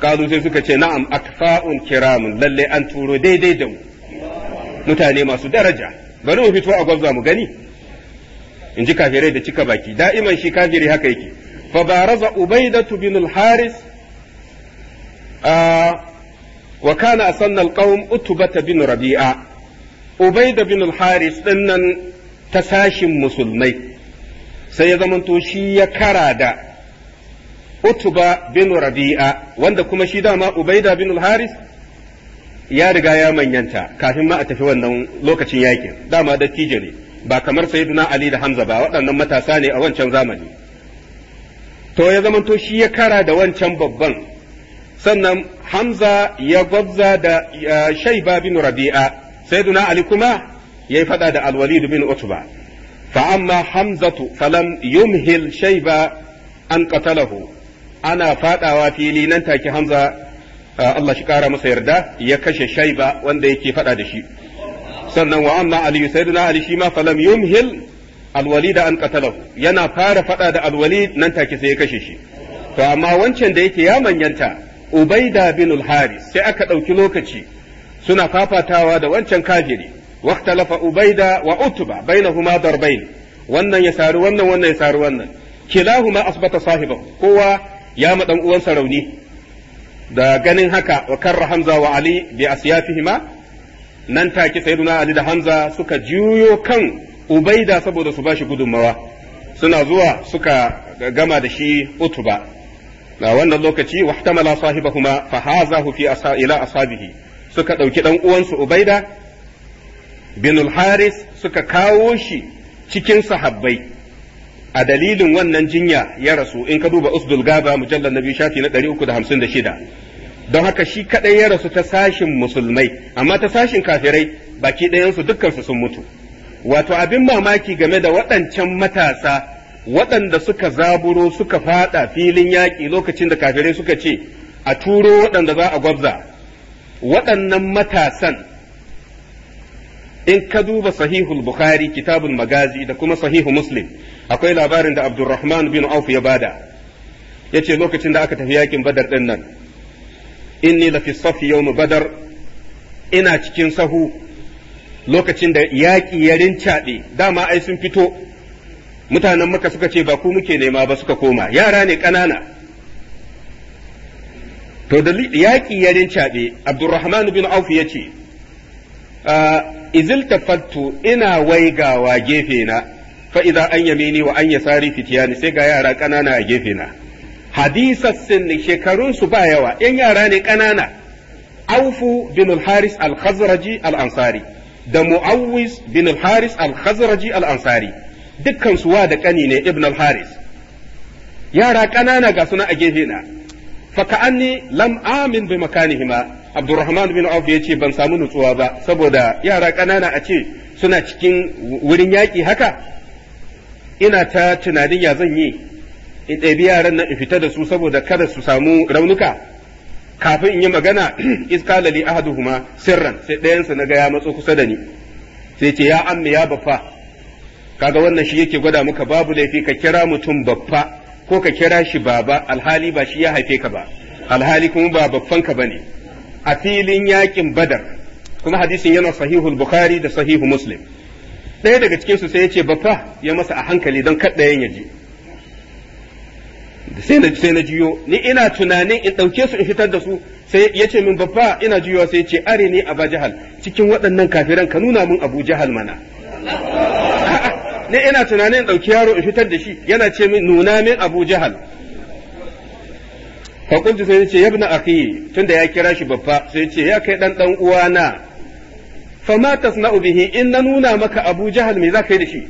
S1: kalu sai suka ce na'am akfa'un kiramun lalle an turo daidai da mu mutane masu daraja bari mu fito a gwabza mu gani in ji kafirai da cika baki da'iman shi kafiri haka yake fa baraza ubaidatu bin al-haris wa kana asanna al-qawm bin rabi'a ubaida bin al-haris dinnan ta sashin musulmai sai ya zamanto shi ya kara da Utuba bin Rabi'a wanda kuma shi dama Ubaida bin Haris ya riga ya manyanta kafin ma a tafi wannan lokacin yakin dama da ne ba kamar Sayyiduna Ali da Hamza ba waɗannan matasa ne a wancan zamani to ya zamanto shi ya kara da wancan babban sannan Hamza ya gwabza da Shaiba bin Rabi'a Sayyiduna Ali kuma yayi fada da al bin Utba fa amma Hamzatu falam yumhil Shaiba an qatalahu ana fadawa fili nan take hamza Allah shi kara masa yarda ya kashe shaiba wanda yake fada da shi sannan wa amma ali sayyidina ali shi ma falam yumhil alwalid an qatalahu yana fara fada da alwalid nan take sai ya kashe shi to amma wancan da yake ya manyanta ubaida bin al-haris sai aka dauki lokaci suna fafatawa da wancan kafiri waqtalafa ubaida wa utba bainahuma darbayn wannan ya saru wannan wannan ya saru wannan kilahuma asbata sahibahu kowa ya ma uwansa rauni da ganin haka wa karra hamza wa ali bi fihima. nan take sayyiduna ali da hamza suka juyo kan ubaida saboda su bashi gudunmawa suna zuwa suka gama da shi utuba na wannan lokaci wahtamala sahibahuma fa hazahu fi ila asabihi suka dauki dan uwansu ubaida bin al-haris suka kawo shi cikin sahabbai a dalilin wannan jinya ya rasu in ka duba usdul gaba mujallar na biyu shafi na 356 don haka shi kadai ya rasu ta sashin musulmai amma ta sashin kafirai baki ɗayansu dukkansu sun mutu wato abin mamaki game da waɗancan matasa waɗanda suka zaburo suka fada filin yaƙi lokacin da kafirai suka ce a turo waɗanda za a gwabza waɗannan matasan in ka duba sahihul bukhari kitabul magazi da kuma sahihu muslim akwai labarin da abdurrahman bin auf ya bada yace lokacin da aka tafi yakin badar din nan inni fi safi yawm badar ina cikin sahu lokacin da yaƙi ya rincaɗe dama ai sun fito mutanen maka suka ce ba ku muke nema ba suka koma yara ne ƙanana to da yaƙi ya rincaɗe abdurrahman bin auf yace ce ah, izil tafattu ina waigawa gefe na fa an yamini wa an yasari fitiyani sai ga yara kanana a gefe na hadisas sin shekarun su ba yawa yan yara ne ƙanana. aufu bin al-haris al-khazraji al-ansari da mu'awwis bin al-haris al-khazraji al-ansari dukkan wa da ƙani ne ibn al-haris yara ƙanana ga suna a gefe na faka'anni lam amin bi makanihima abdurrahman bin auf yace ban samu nutsuwa ba saboda yara ƙanana a ce suna cikin wurin yaki haka ina ta tunanin ya zan yi in ɗabi yaran nan in fita da su saboda kada su samu raunuka kafin in yi magana iskala li ahaduhuma sirran sai ɗayansa na ga ya matso kusa da ni sai ce ya amma ya baffa kaga wannan shi yake gwada maka babu laifi ka kira mutum baffa ko ka kira shi baba alhali ba shi ya haife ka ba alhali kuma ba babban ka bane a filin yakin badar kuma hadisin yana sahihul bukhari da sahihu muslim ɗaya daga cikin su sai ya ce baffa ya masa a hankali don kaɗayan ya ji sai na sai jiyo ni ina tunanin in ɗauke su in fitar da su sai yace min baffa ina jiyowa sai ya ce are ne a jahal cikin waɗannan kafiran ka nuna min abu jahal mana ne ina tunanin ɗauki yaro in fitar da shi yana ce min nuna min abu jahal fakultu sai ce yabna akhi tunda ya kira shi babba sai ce ya kai dan dan uwana fama tasna'u bihi in na nuna maka abu jahal me zaka yi da shi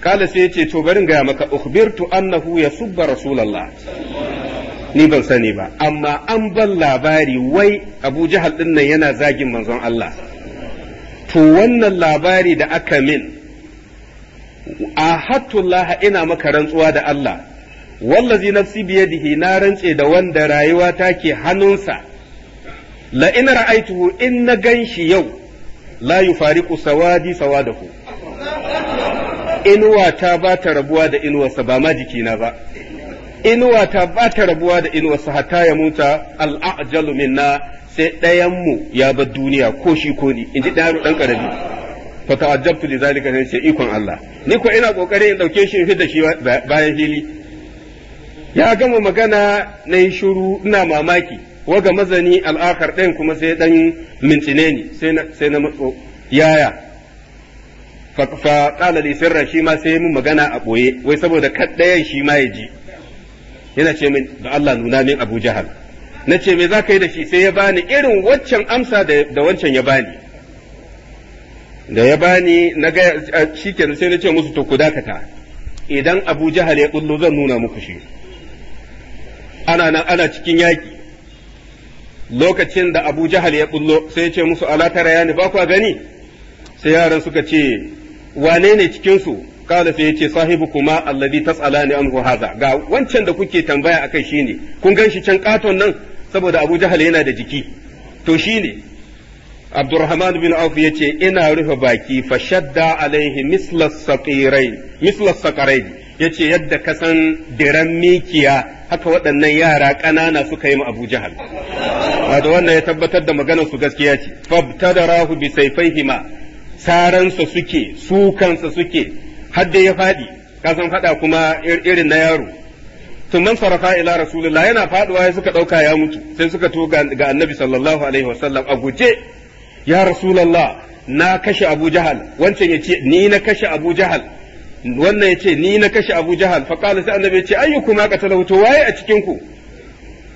S1: kala sai ce to barin gaya maka ukhbirtu annahu yasubba rasulullah ni ban sani ba amma an ban labari wai abu jahal din nan yana zagin manzon Allah to wannan labari da aka min ahattullah ina maka rantsuwa da Allah wallazi nafsi biyadihi na rantse da wanda rayuwa take hannunsa la in ra'aituhu in na ganshi yau la yufariqu sawadi sawadahu inuwata ba ta rabuwa da inuwarsa ba ma jikina ba inuwata ba ta rabuwa da inuwarsa hatta ya muta al-ajalu minna sai mu ya bar duniya ko shi ko ni in ji ɗan ƙarami fa ta'ajjabtu li zalika sai ce ikon Allah ni ko ina kokari in dauke shi in fita shi bayan fili ya gama magana na yi shuru ina mamaki waga mazani al'akar ɗin kuma sai dan mintine ni sai na matso yaya fa qala li sirra shi ma sai mun magana a boye wai saboda ɗayan shi ma ya ji yana ce min da Allah nuna min Abu Jahal na me za yi da shi sai ya bani irin waccan amsa da wancan ya bani da ya bani na ga shikenan sai na ce musu to ku dakata idan Abu Jahal ya kullu zan nuna muku shi ana nan ana cikin yaki lokacin da Abu Jahal ya bullo sai ya ce musu ala tara yani ba ku gani sai yaran suka ce wane ne cikin su kala sai yace sahibu kuma alladhi tasalani anhu hadha ga wancan da kuke tambaya akai shine kun gan shi can katon nan saboda Abu Jahal yana da jiki to shine Abdurrahman bin Auf ya ce ina rufe baki fa shadda alaihi mislas saqarain ya ce yadda kasan diran mikiya haka waɗannan yara ƙanana suka yi ma Abu Jahal da wannan ya tabbatar da maganar su gaskiya ce fabtadarahu bi sayfaihima saransa suke sukansa suke hadda ya faɗi kasan faɗa kuma irin na yaro sannan sarafa ila rasulullah yana faduwa ya suka dauka ya mutu sai suka to ga annabi sallallahu alaihi wasallam a guje ya rasulallah na kashe abu jahal wancan ya ce ni na kashe abu jahal wannan ya ce ni na kashe abu jahal faƙala sai annabi ya ce ayyukuma qatalahu to waye a cikin ku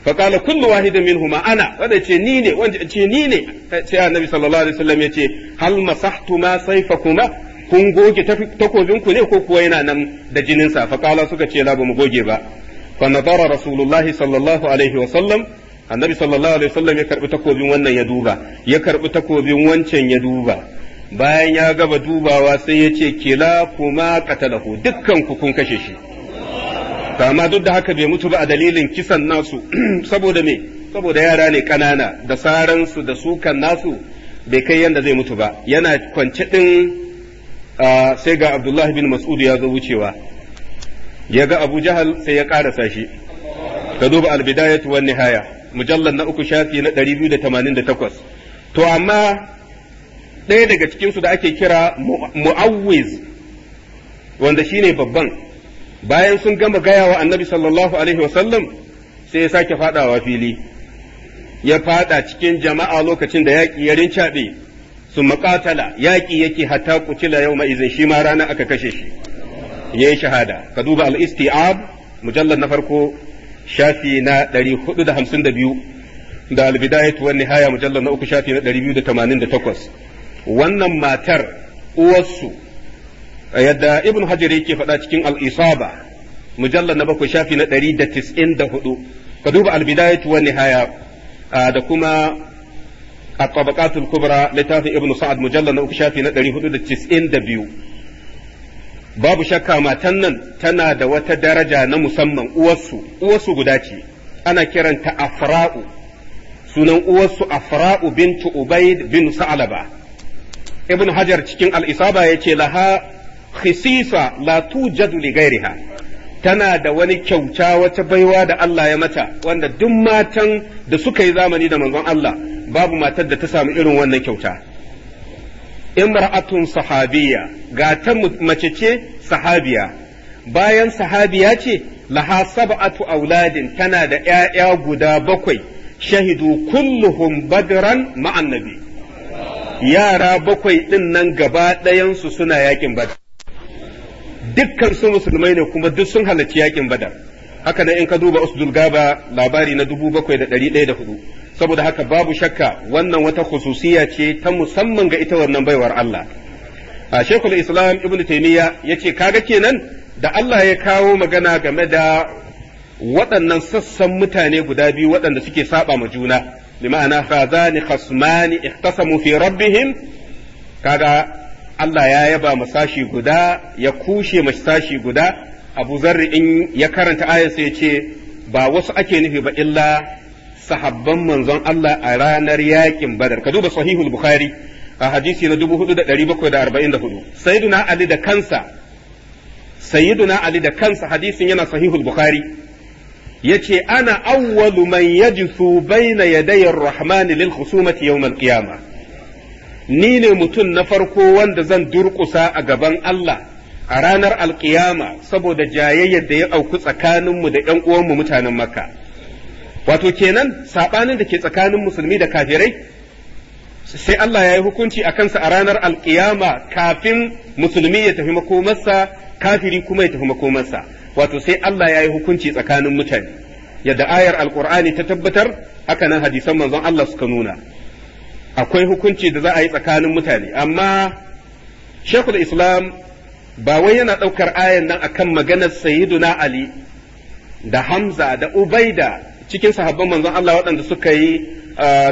S1: faƙala kullu wahidin minhuma ana wanda ya ce ni ne wanda ya ce ni ne sai annabi sallallahu alaihi wasallam ya ce hal masahtu ma sayfakuma kun goge takobin ku ne ko kuwa yana nan da jinin sa faƙala suka ce la ba mu goge ba fa nadara rasulullahi sallallahu alaihi wasallam annabi sallallahu alaihi wasallam ya karbi takobin wannan ya duba ya karbi takobin wancan ya duba bayan ya gaba dubawa sai ya ce kila kuma qatalahu dukkan ku kun kashe shi amma duk da haka bai mutu ba a dalilin kisan nasu saboda me saboda yara ne kanana da saran su da sukan nasu bai kai yanda zai mutu ba yana kwance din sai ga abdullahi bin mas'ud ya zo wucewa ya ga abu jahal sai ya karasa shi ka duba albidayatu wan nihaya mujallar na uku shafi na 288 to amma ɗaya daga cikinsu da ake kira mu'awwiz wanda shine babban bayan sun gama gaya wa annabi sallallahu alaihi wasallam sai ya sake fadawa fili ya fada cikin jama'a lokacin da yaƙi ya rincaɓe su makatala yaƙi yake hatta kucila yau ma'izin shi ma rana aka kashe shi ya yi shahada ka duba al-isti'ab mujallar na farko shafi na 452 da albidayatu wan nihaya mujallal na uku shafi na 288 wannan matar uwarsu yadda ibn Hajari yake faɗa cikin al-isaba mujallal na bakwai shafi na 194 ka duba albidayatu wan nihaya da kuma الطبقات الكبرى لتافي ابن سعد مجلد أكشافي ندري هدود التسعين دبيو babu shakka matan nan tana da wata daraja na musamman uwarsu uwarsu guda ce ana kiranta afra'u sunan uwarsu afra'u bintu ubaid bin sa'alaba ibn hajar cikin al-isaba yace laha khisisa la tujadu li ghairiha tana da wani kyauta wata baiwa da Allah ya mata wanda duk matan da suka yi zamani da manzon Allah babu matar da ta samu irin wannan kyauta imra'atun sahabiya ga ta mace ce sahabiya bayan sahabiya ce laha sab'atu auladin tana da ‘ya'ya guda bakwai shahidu kulluhum badran ma'an nabi yara bakwai din nan gaba ɗayansu suna yakin badar dukkan su musulmai ne kuma duk sun halarci yakin badar haka nan in ka duba usdul gaba labari na dubu bakwai da ɗari ɗaya da hudu saboda haka babu shakka wannan wata khususiya ce ta musamman ga ita wannan baiwar Allah a shekul islam ibn ya ce, kaga kenan da Allah ya kawo magana game da waɗannan sassan mutane guda biyu waɗanda suke saba ma juna bi ma'ana khazani khasmani ihtasamu fi rabbihim kaga Allah ya yaba sashi guda ya kushe masashi guda Abu Zarri in ya karanta ayar sai ya ce ba wasu ake nufi ba illa sahabban manzon Allah a ranar yakin badar ka duba sahihul bukhari a hadisi na 4744 sayyiduna ali da kansa sayyiduna ali da kansa hadisin yana sahihul bukhari yace ana awwalu man yajthu baina yaday ar-rahman lil khusumati yawm al ni ne mutum na farko wanda zan durƙusa a gaban Allah a ranar alƙiyama saboda jayayyar da ya auku tsakaninmu da ‘yan uwanmu mutanen Makka. wato kenan saɓanin da ke tsakanin musulmi da kafirai sai Allah ya yi hukunci a kansa a ranar alkiyama kafin musulmi ya tafi makomarsa kafiri kuma ya tafi makomarsa wato sai Allah ya yi hukunci tsakanin mutane yadda ayar alkur'ani ta tabbatar haka nan hadisan manzon Allah suka nuna akwai hukunci da za a yi tsakanin mutane amma shekul islam ba wai yana ɗaukar ayan nan akan maganar sayyiduna ali da hamza da ubaida cikin sahabban manzon Allah waɗanda suka yi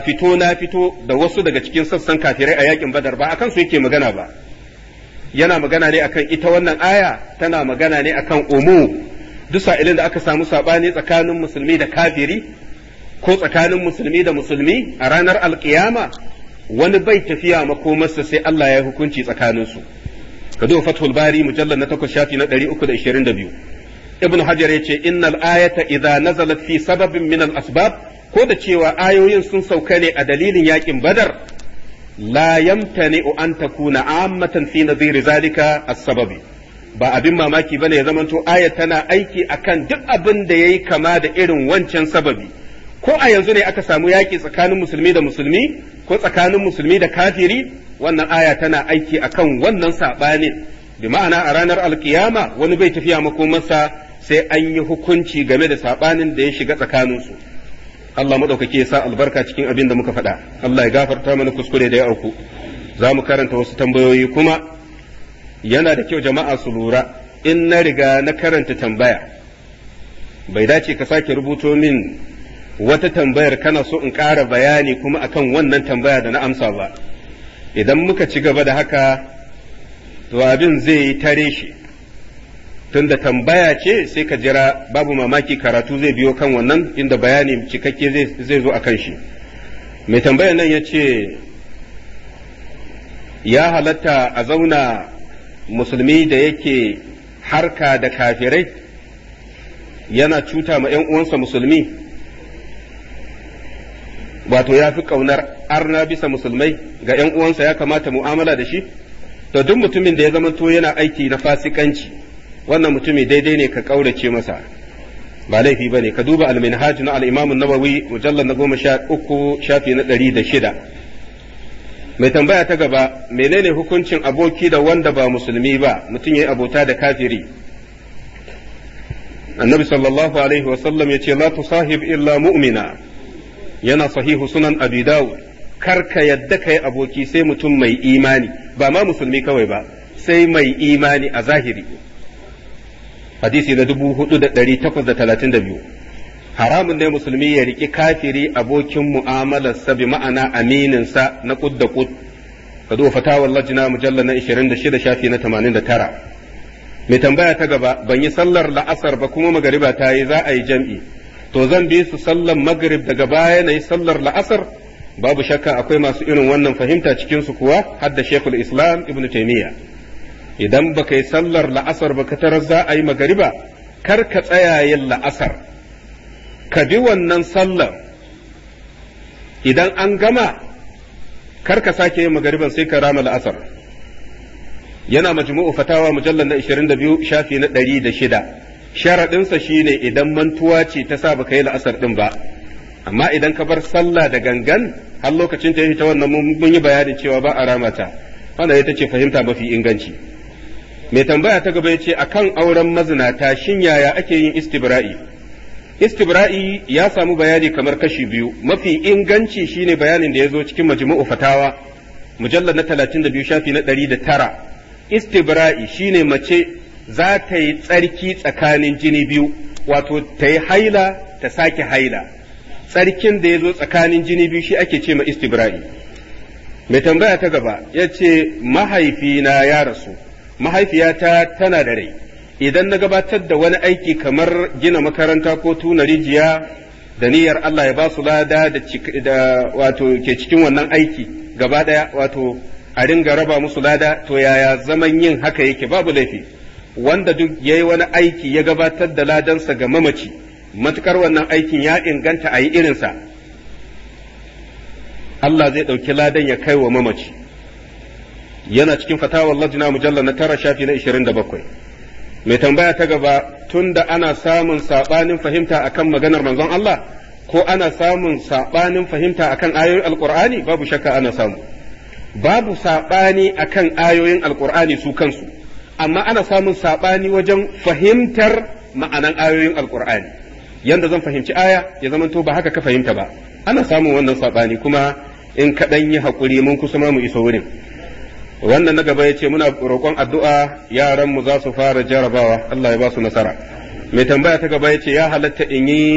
S1: fito na fito da wasu daga cikin sassan kafirai a yakin badar ba akan su yake magana ba yana magana ne akan ita wannan aya tana magana ne akan umu duk sa'ilin da aka samu sabani tsakanin musulmi da kafiri ko tsakanin musulmi da musulmi a ranar alkiyama wani bai tafiya makomarsa sai Allah ya hukunci tsakaninsu ka duba fathul bari mujallal na takwas shafi na biyu. ibn hajar yace innal ayata idza nazalat fi sababin min al asbab ko da cewa ayoyin sun sauka ne a dalilin yakin badar la yamtani'u an takuna ammatan fi nadhiri zalika as-sababi ba abin mamaki bane ya zamanto aya tana aiki akan duk abin da yayi kama da irin wancan sababi ko a yanzu ne aka samu yaki tsakanin musulmi da musulmi ko tsakanin musulmi da kafiri wannan aya tana aiki akan wannan sabanin bi ma'ana a ranar alkiyama wani bai tafiya makomarsa sai an yi hukunci game da sabanin da ya shiga tsakaninsu Allah madaukake ya sa albarka cikin abin da muka faɗa Allah ya gafarta mana kuskure da ya auku za mu karanta wasu tambayoyi kuma yana da kyau jama'a su lura in na riga na karanta tambaya bai dace ka sake rubuto min wata tambayar kana so in ƙara bayani kuma akan wannan tambaya da na amsa ba idan muka ci gaba da haka to abin zai yi tare shi tunda tambaya ce sai ka jira babu mamaki karatu zai biyo kan wannan inda bayani cikakke zai zo a kan shi mai tambayar nan ya ce ya halatta a zauna musulmi da yake harka da kafirai yana cuta ma 'yan uwansa musulmi wato ya fi ƙaunar arna bisa musulmai ga 'yan uwansa ya kamata mu'amala da shi to duk mutumin da ya zama to yana aiki na fasikanci wannan mutumi daidai ne ka kaurace masa ba laifi ba ne ka duba alminhaj na al'imamu nawawi mujallar na goma sha uku shafi na ɗari da shida mai tambaya ta gaba menene hukuncin aboki da wanda ba musulmi ba mutum ya yi abota da kafiri annabi sallallahu alaihi wasallam ya ce la tusahib illa mu'mina yana sahihu sunan abi dawud kar ka yadda ka yi aboki sai mutum mai imani ba ma musulmi kawai ba sai mai imani a zahiri hadisi na biyu, haramun ne musulmi ya riki kafiri abokin mu'amalarsa bi ma'ana amininsa na kud da kud ka duba fatawar lajina mujallar na 26 shafi na 89 mai tambaya ta gaba ban yi sallar la'asar ba kuma magariba ta yi za a yi jam'i to zan bi su sallar magrib daga baya na yi sallar la'asar babu shakka akwai masu irin wannan fahimta cikinsu kuwa hadda shekul islam ibn taimiyya idan ka yi sallar la'asar ba ka tarar za a yi magariba kar ka tsaya yin la'asar ka bi wannan sallar idan an gama kar ka sake yin magariban sai ka rama la'asar yana majmu'u fatawa mujallar na 22 shafi na 106 sharaɗinsa ne idan mantuwa ce ta sa baka yi la'asar ɗin ba amma idan ka bar sallah da gangan har lokacin ta yi ta wannan mun yi bayanin cewa ba a ramata wanda ta ce fahimta mafi inganci mai tambaya ta gaba ya ce akan auren mazinata shin yaya ake yin istibra'i istibra'i ya samu bayani kamar kashi biyu mafi inganci shine bayanin da yazo cikin majmu'u fatawa mujallar na 32 shafi na 109 istibra'i shine mace za ta yi tsarki tsakanin jini biyu wato ta yi haila ta sake haila tsarkin da ya zo tsakanin jini biyu shi ake ce ma istibra'i mai tambaya ta gaba ya ce mahaifina ya rasu mahaifiyata tana da rai idan na gabatar da wani aiki kamar gina makaranta ko tuna rijiya da niyyar Allah ya ba su lada da wato ke cikin wannan aiki gaba daya wato a ringa raba musu lada to yaya zaman yin haka yake babu laifi wanda duk yayi wani aiki ya gabatar da ladansa ga mamaci matukar wannan aikin ya inganta a yi irinsa Allah zai ɗauki ladan ya kai wa mamaci yana cikin fatawar lajina mujalla na tara shafi na 27 mai tambaya ta gaba tunda ana samun sabanin fahimta akan maganar manzon Allah ko ana samun sabanin fahimta akan ayoyin alqur'ani babu shakka ana samu babu sabani akan ayoyin alqur'ani su kansu amma ana samun saɓani wajen fahimtar ma'anan ayoyin alqur'ani yanda zan fahimci aya ya to ba haka ka fahimta ba ana samun wannan sabani kuma in kaɗan yi haƙuri mun kusa ma mu isa wurin wannan na gaba ya ce muna roƙon addu'a yaran mu za su fara jarabawa Allah ya ba su nasara mai tambaya ta gaba ya ce ya halatta in yi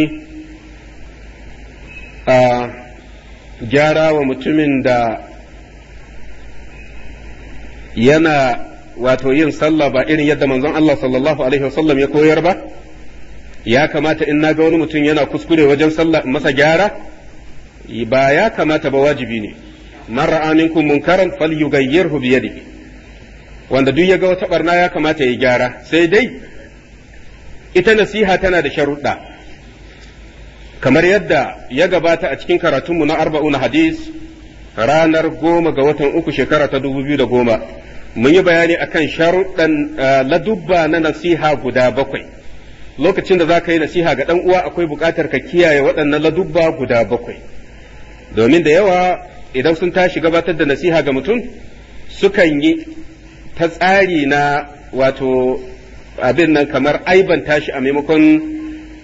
S1: a gyara wa mutumin da yana wato yin sallah ba irin yadda manzon Allah sallallahu alaihi wasallam ya koyar ba ya kamata in na ga wani mutum yana kuskure wajen sallah masa gyara ba ya kamata ba wajibi ne man ra'a minkum munkaran falyughayyirhu bi yadihi wanda duk yaga wata barna ya kamata ya gyara sai dai ita nasiha tana da sharuɗa kamar yadda ya gabata a cikin karatunmu na arba'una hadis ranar goma ga watan uku shekara ta dubu biyu da goma mun yi bayani a kan sharuɗan eh, ladubba na nasiha guda bakwai lokacin da za ka yi nasiha ga ɗan uwa akwai buƙatar ka kiyaye waɗannan ladubba guda bakwai domin da yawa idan sun tashi gabatar da nasiha ga mutum sukan yi ta tsari na wato abin nan kamar aiban tashi a maimakon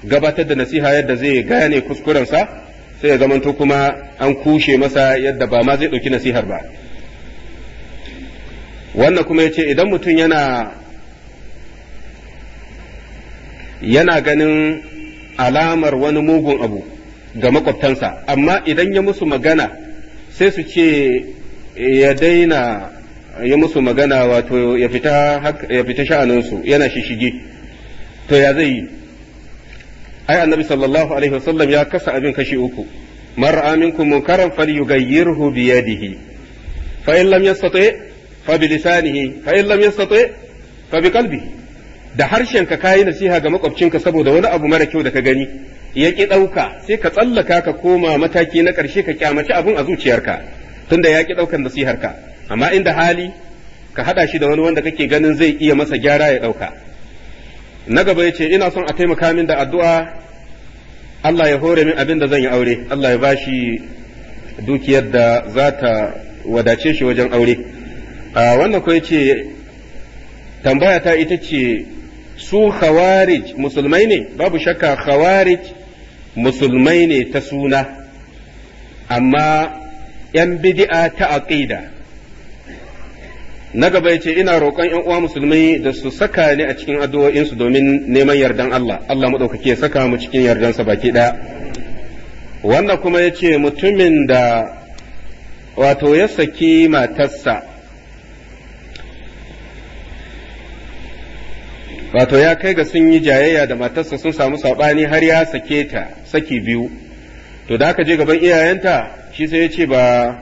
S1: gabatar da nasiha yadda zai gane kuskurensa sai ya zamanto kuma an kushe masa yadda ba ma zai ɗauki nasihar ba wannan kuma ya ce idan mutum yana yana ganin alamar wani mugun abu ga makwabtansa amma idan ya musu magana sai su ce ya daina ya musu magana wato ya fita sha'aninsu yana shishige to ya zai yi ai annabi sallallahu alaihi wasallam ya kasa abin kashi uku mar'a minkum munkaran falyughayyirhu bi yadihi fa in lam yastati fa bi lisanihi fa in lam yastati fa bi qalbihi da harshenka kayi nasiha ga makwabcinka saboda wani abu mara kyau da ka gani ya ki ɗauka sai ka tsallaka ka koma mataki na ƙarshe ka kyamaci abun a zuciyarka tunda ya ki ɗaukan ka amma inda hali ka haɗa shi da wani wanda kake ganin zai iya masa gyara ya ɗauka na gaba ya ce ina son a taimaka min da addu'a Allah ya hore min abin da zan yi aure Allah ya bashi dukiyar da za ta wadace shi wajen aure wannan ko ya ce tambaya ta ita ce su khawarij musulmai ne babu shakka khawarij musulmai ne ta suna amma ‘yan bidi'a ta aƙida na gaba ya ce ina roƙon ‘yan uwa musulmai da su saka ni a cikin addu'o'insu domin neman yardan Allah Allah maɗaukaki ke saka mu cikin yardansa baki ɗaya wannan kuma ya ce mutumin da wato ya saki matarsa wato ya kai ga sun yi jayayya da matarsa sun samu saɓani har ya sake ta saki biyu to da aka je gaban iyayenta shi sai ya ce ba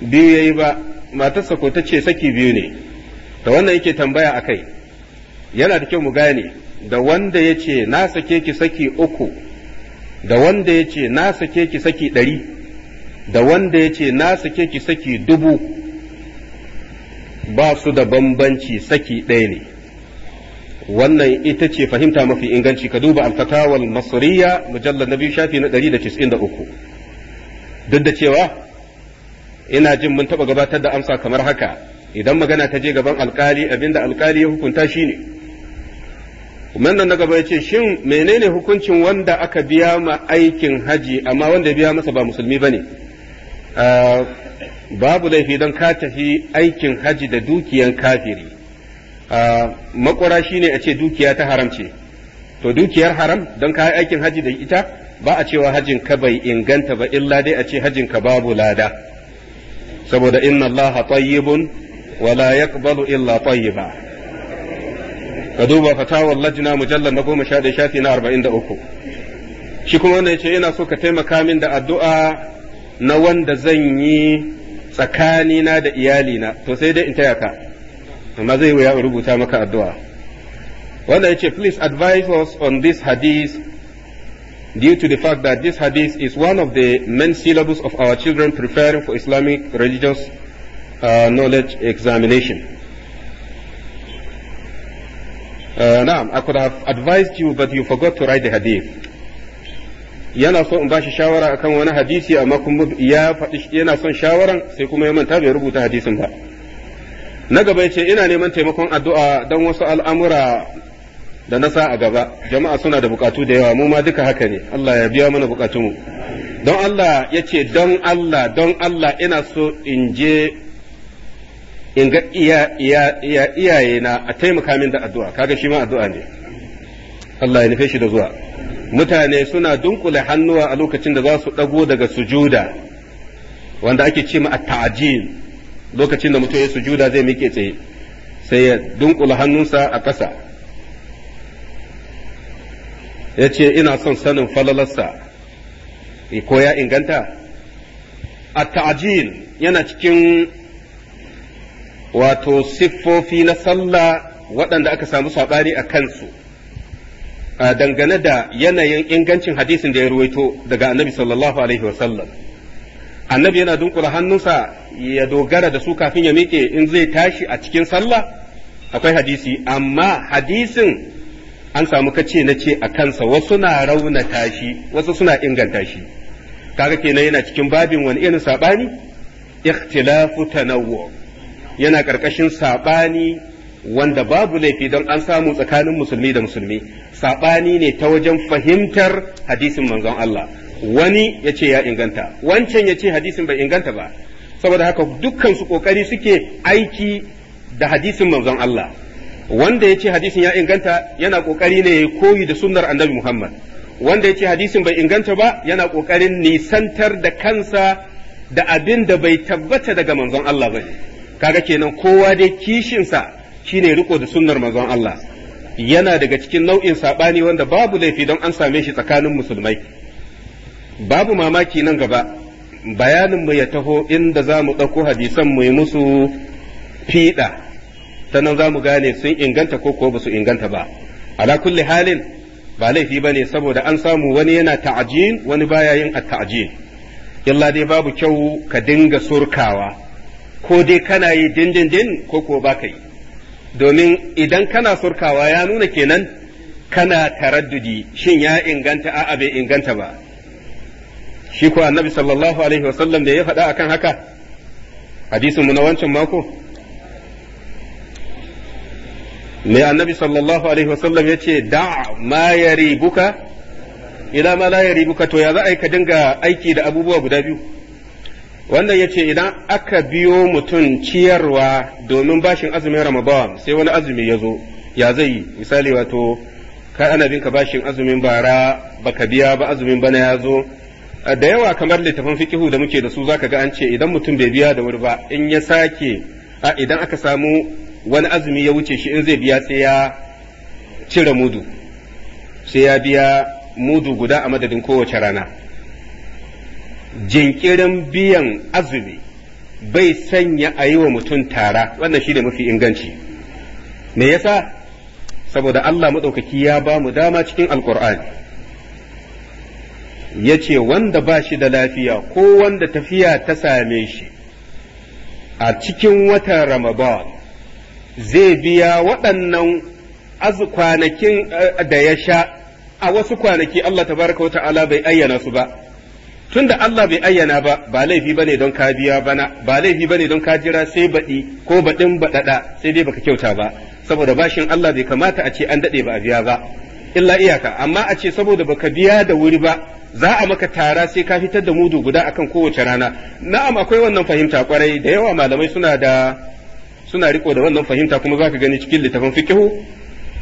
S1: biyu ya yi ba matarsa ko ta ce saki biyu ne da wannan yake tambaya a kai yana da kyau mu gane da wanda ya ce na sake ki saki uku da wanda ya ce na sake ki saki ɗari da wanda ya ce na sake ki saki dubu ba su da bambanci saki ɗaya ne wannan ita ce fahimta mafi inganci ka duba alfatawal masriya mujallar na biyu shafi na 193 duk da cewa ina jin mun taba gabatar da amsa kamar haka idan magana ta je gaban alkali abinda alkali ya hukunta shi ne nan na gaba ya ce shin menene hukuncin wanda aka biya ma aikin haji amma wanda ya biya masa ba musulmi ba ne ah, babu laifi don ka tafi aikin haji da dukiyan kafiri Ah, makwara shine a ce dukiya ta haram ce to dukiyar haram don ka aikin haji da ita ba a cewa hajin ka bai inganta ba illa dai a ce hajin ka babu lada saboda inna Allah tayyibun wa la yaqbalu illa tayyiba ka duba fatawar lajna mujallar na goma sha shafi na arba'in da uku shi kuma wannan yace ina so ka taimaka min da addu'a na wanda zan yi tsakanina da iyalina to sai dai in taya ka amma zai wuya in rubuta maka addu'a wanda ce please advise us on this hadith due to the fact that this hadith is one of the main syllabus of our children preparing for Islamic religious uh, knowledge examination. Uh, now, I could have advised you, but you forgot to write the hadith. yana so in ba shi shawara akan wani hadisi amma kuma ya faɗi yana son shawaran sai kuma ya manta bai rubuta hadisin ba na gaba ce ina neman taimakon addu'a don wasu al'amura da na sa a gaba jama'a suna da bukatu da yawa mu ma duka haka ne Allah ya biya mana bukatunmu don Allah ya ce don Allah don Allah ina so in je in ga iyaye na a taimaka min da addu'a kaga shi ma addu'a ne Allah ya nufe shi da zuwa mutane suna dunkule hannuwa a lokacin da za su ɗago daga sujuda wanda ake ce ma at-ta'jil lokacin da mutum ya sujuda zai miƙe tsaye sai ya dunkula hannunsa a ƙasa ya ce ina son sanin falalarsa ko ya inganta a ta'ajil yana cikin wato siffofi na sallah waɗanda aka samu saɓani a kansu dangane da yanayin ingancin hadisin da ya ruwaito daga annabi sallallahu alaihi wasallam annabi yana dunkula hannunsa ya dogara da su kafin ya miƙe in zai tashi a cikin sallah akwai hadisi amma hadisin an samu kace na ce a kansa wasu na raunata shi wasu suna inganta shi kaga kenan yana cikin babin wani irin sabani ikhtilafu tanawwu yana karkashin sabani wanda babu laifi don an samu tsakanin musulmi da musulmi sabani ne ta wajen fahimtar hadisin manzon Allah wani ya ce ya inganta wancan ya ce hadisin bai inganta ba saboda haka dukkan su kokari suke aiki da hadisin manzon Allah wanda ya ce hadisin ya inganta yana kokari ne ya koyi da sunnar annabi Muhammad wanda ya ce hadisin bai inganta ba yana kokarin nisantar da kansa da abin da bai tabbata daga manzon Allah ba kaga kenan kowa dai kishinsa shine riko da sunnar manzon Allah yana daga cikin nau'in sabani wanda babu laifi don an same shi tsakanin musulmai babu mamaki nan gaba bayanin mu ya taho inda za mu ɗauko hadisan mu yi musu fiɗa ta nan za mu gane sun inganta ko ko basu inganta ba ala kulli halin ba laifi ba ne saboda an samu wani yana ta'ajin wani baya yin ta'ajin. illa dai babu kyau ka dinga surkawa ko dai kana yi dindindin ko ko ba yi domin idan kana surkawa ya nuna kenan kana taraddudi shin ya inganta a'a bai inganta ba shi ko annabi sallallahu alaihi wasallam da ya faɗa akan haka hadisin mu na wancan mako me annabi sallallahu alaihi wasallam ya ce da ma ya ribuka Idan ma la ya ribuka to ya za a ka dinga aiki da abubuwa guda biyu wannan ya ce idan aka biyo mutum ciyarwa domin bashin azumin ramadan sai wani azumi ya zo ya zai yi misali wato kai ana binka bashin azumin bara baka biya ba azumin bana ya zo da yawa kamar littafin fikihu da muke da su zaka ga an ce idan mutum bai biya da wuri ba in ya sake a idan aka samu wani azumi ya wuce shi in zai biya sai ya cire mudu sai ya biya mudu guda a madadin kowace rana jinkirin biyan azumi bai sanya a yi wa mutum tara wannan shi ne mafi inganci me yasa saboda Allah maɗaukaki ya ba mu dama cikin alkur'ani ya ce wanda ba shi da lafiya ko wanda tafiya ta same shi a cikin wata Ramadan zai biya waɗannan kwanakin eh, da ya sha a wasu kwanaki Allah baraka wa ta'ala bai ayyana su ba tunda Allah bai ayyana ba ba laifi bane don ka biya bana ba laifi bane don ka jira sai baɗi ko baɗin baɗaɗa sai dai baka kyauta ba saboda bashin Allah bai kamata a ce an daɗe ba a biya ba illa iyaka amma a ce saboda baka biya da wuri ba za a maka tara sai ka fitar da mudu guda akan kowace rana na'am akwai wannan fahimta kwarai da yawa malamai suna da suna riko da wannan fahimta kuma zaka gani cikin littafin fiqhu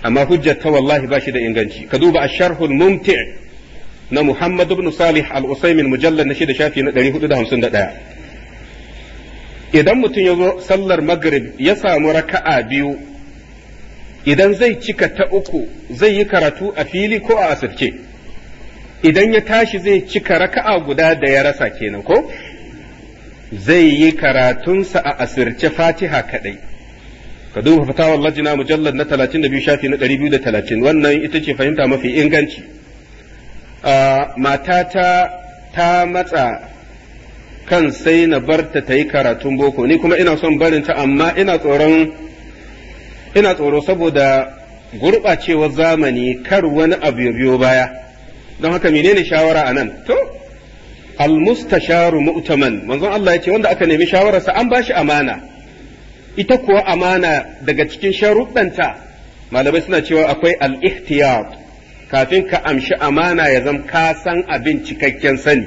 S1: amma hujja ta wallahi ba shi da inganci ka duba Sharhul mumti na Muhammad ibn Salih al-Usaymin mujallal na shida shafi na 451 idan mutum ya zo sallar maghrib ya samu raka'a biyu idan zai cika ta uku zai yi karatu a fili ko a asirce idan ya tashi zai cika raka'a guda da ya rasa kenan ko zai yi karatunsa a asirce fatiha kadai ka duba fatawa lajina mujallar na 32 shafi na 230 wannan ita ce fahimta mafi inganci matata ta matsa kan sai na barta ta yi karatun boko ni kuma ina son barinta amma ina tsoron ina tsoro saboda gurɓacewar zamani kar wani abu ya biyo baya don haka menene shawara a nan to almustasharu mu'taman manzon Allah ya ce wanda aka nemi shawararsa an ba shi amana ita kuwa amana daga cikin sharuɗanta malamai suna cewa akwai al-ihtiyat kafin ka amshi amana ya zama ka san abin cikakken sani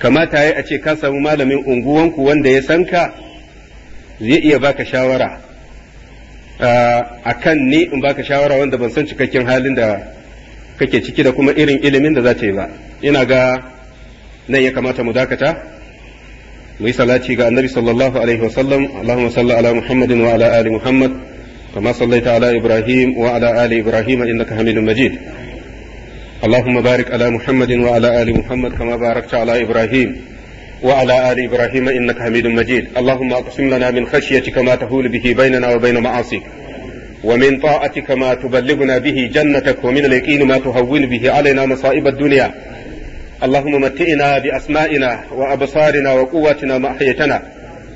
S1: kamata ya a ce ka samu malamin unguwanku wanda ya san ka zai iya baka shawara Eh, a kan ni in baka shawara wanda ban san cikakken halin da kake ciki da kuma irin ilimin da za ta yi ba ina ga nan ya kamata mu dakata mu yi salati ga annabi sallallahu alaihi wasallam allahumma salli ala muhammadin wa ala ali muhammad kama sallaita ala ibrahim wa ala ali ibrahim innaka hamidun majid barik ala muhammadin wa ala ali muhammad kama barakta ala ibrahim. وعلى آل إبراهيم إنك حميد مجيد اللهم أقسم لنا من خشيتك ما تهول به بيننا وبين معاصيك ومن طاعتك ما تبلغنا به جنتك ومن اليقين ما تهون به علينا مصائب الدنيا اللهم متئنا بأسمائنا وأبصارنا وقواتنا ما أحيتنا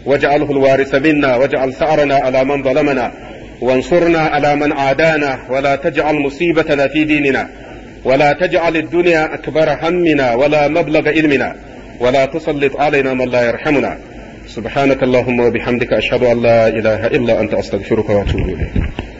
S1: واجعله الوارث منا واجعل ثأرنا على من ظلمنا وانصرنا على من عادانا ولا تجعل مصيبتنا في ديننا ولا تجعل الدنيا أكبر همنا ولا مبلغ علمنا ولا تسلط علينا من لا يرحمنا سبحانك اللهم وبحمدك أشهد أن لا إله إلا أنت أستغفرك وأتوب إليك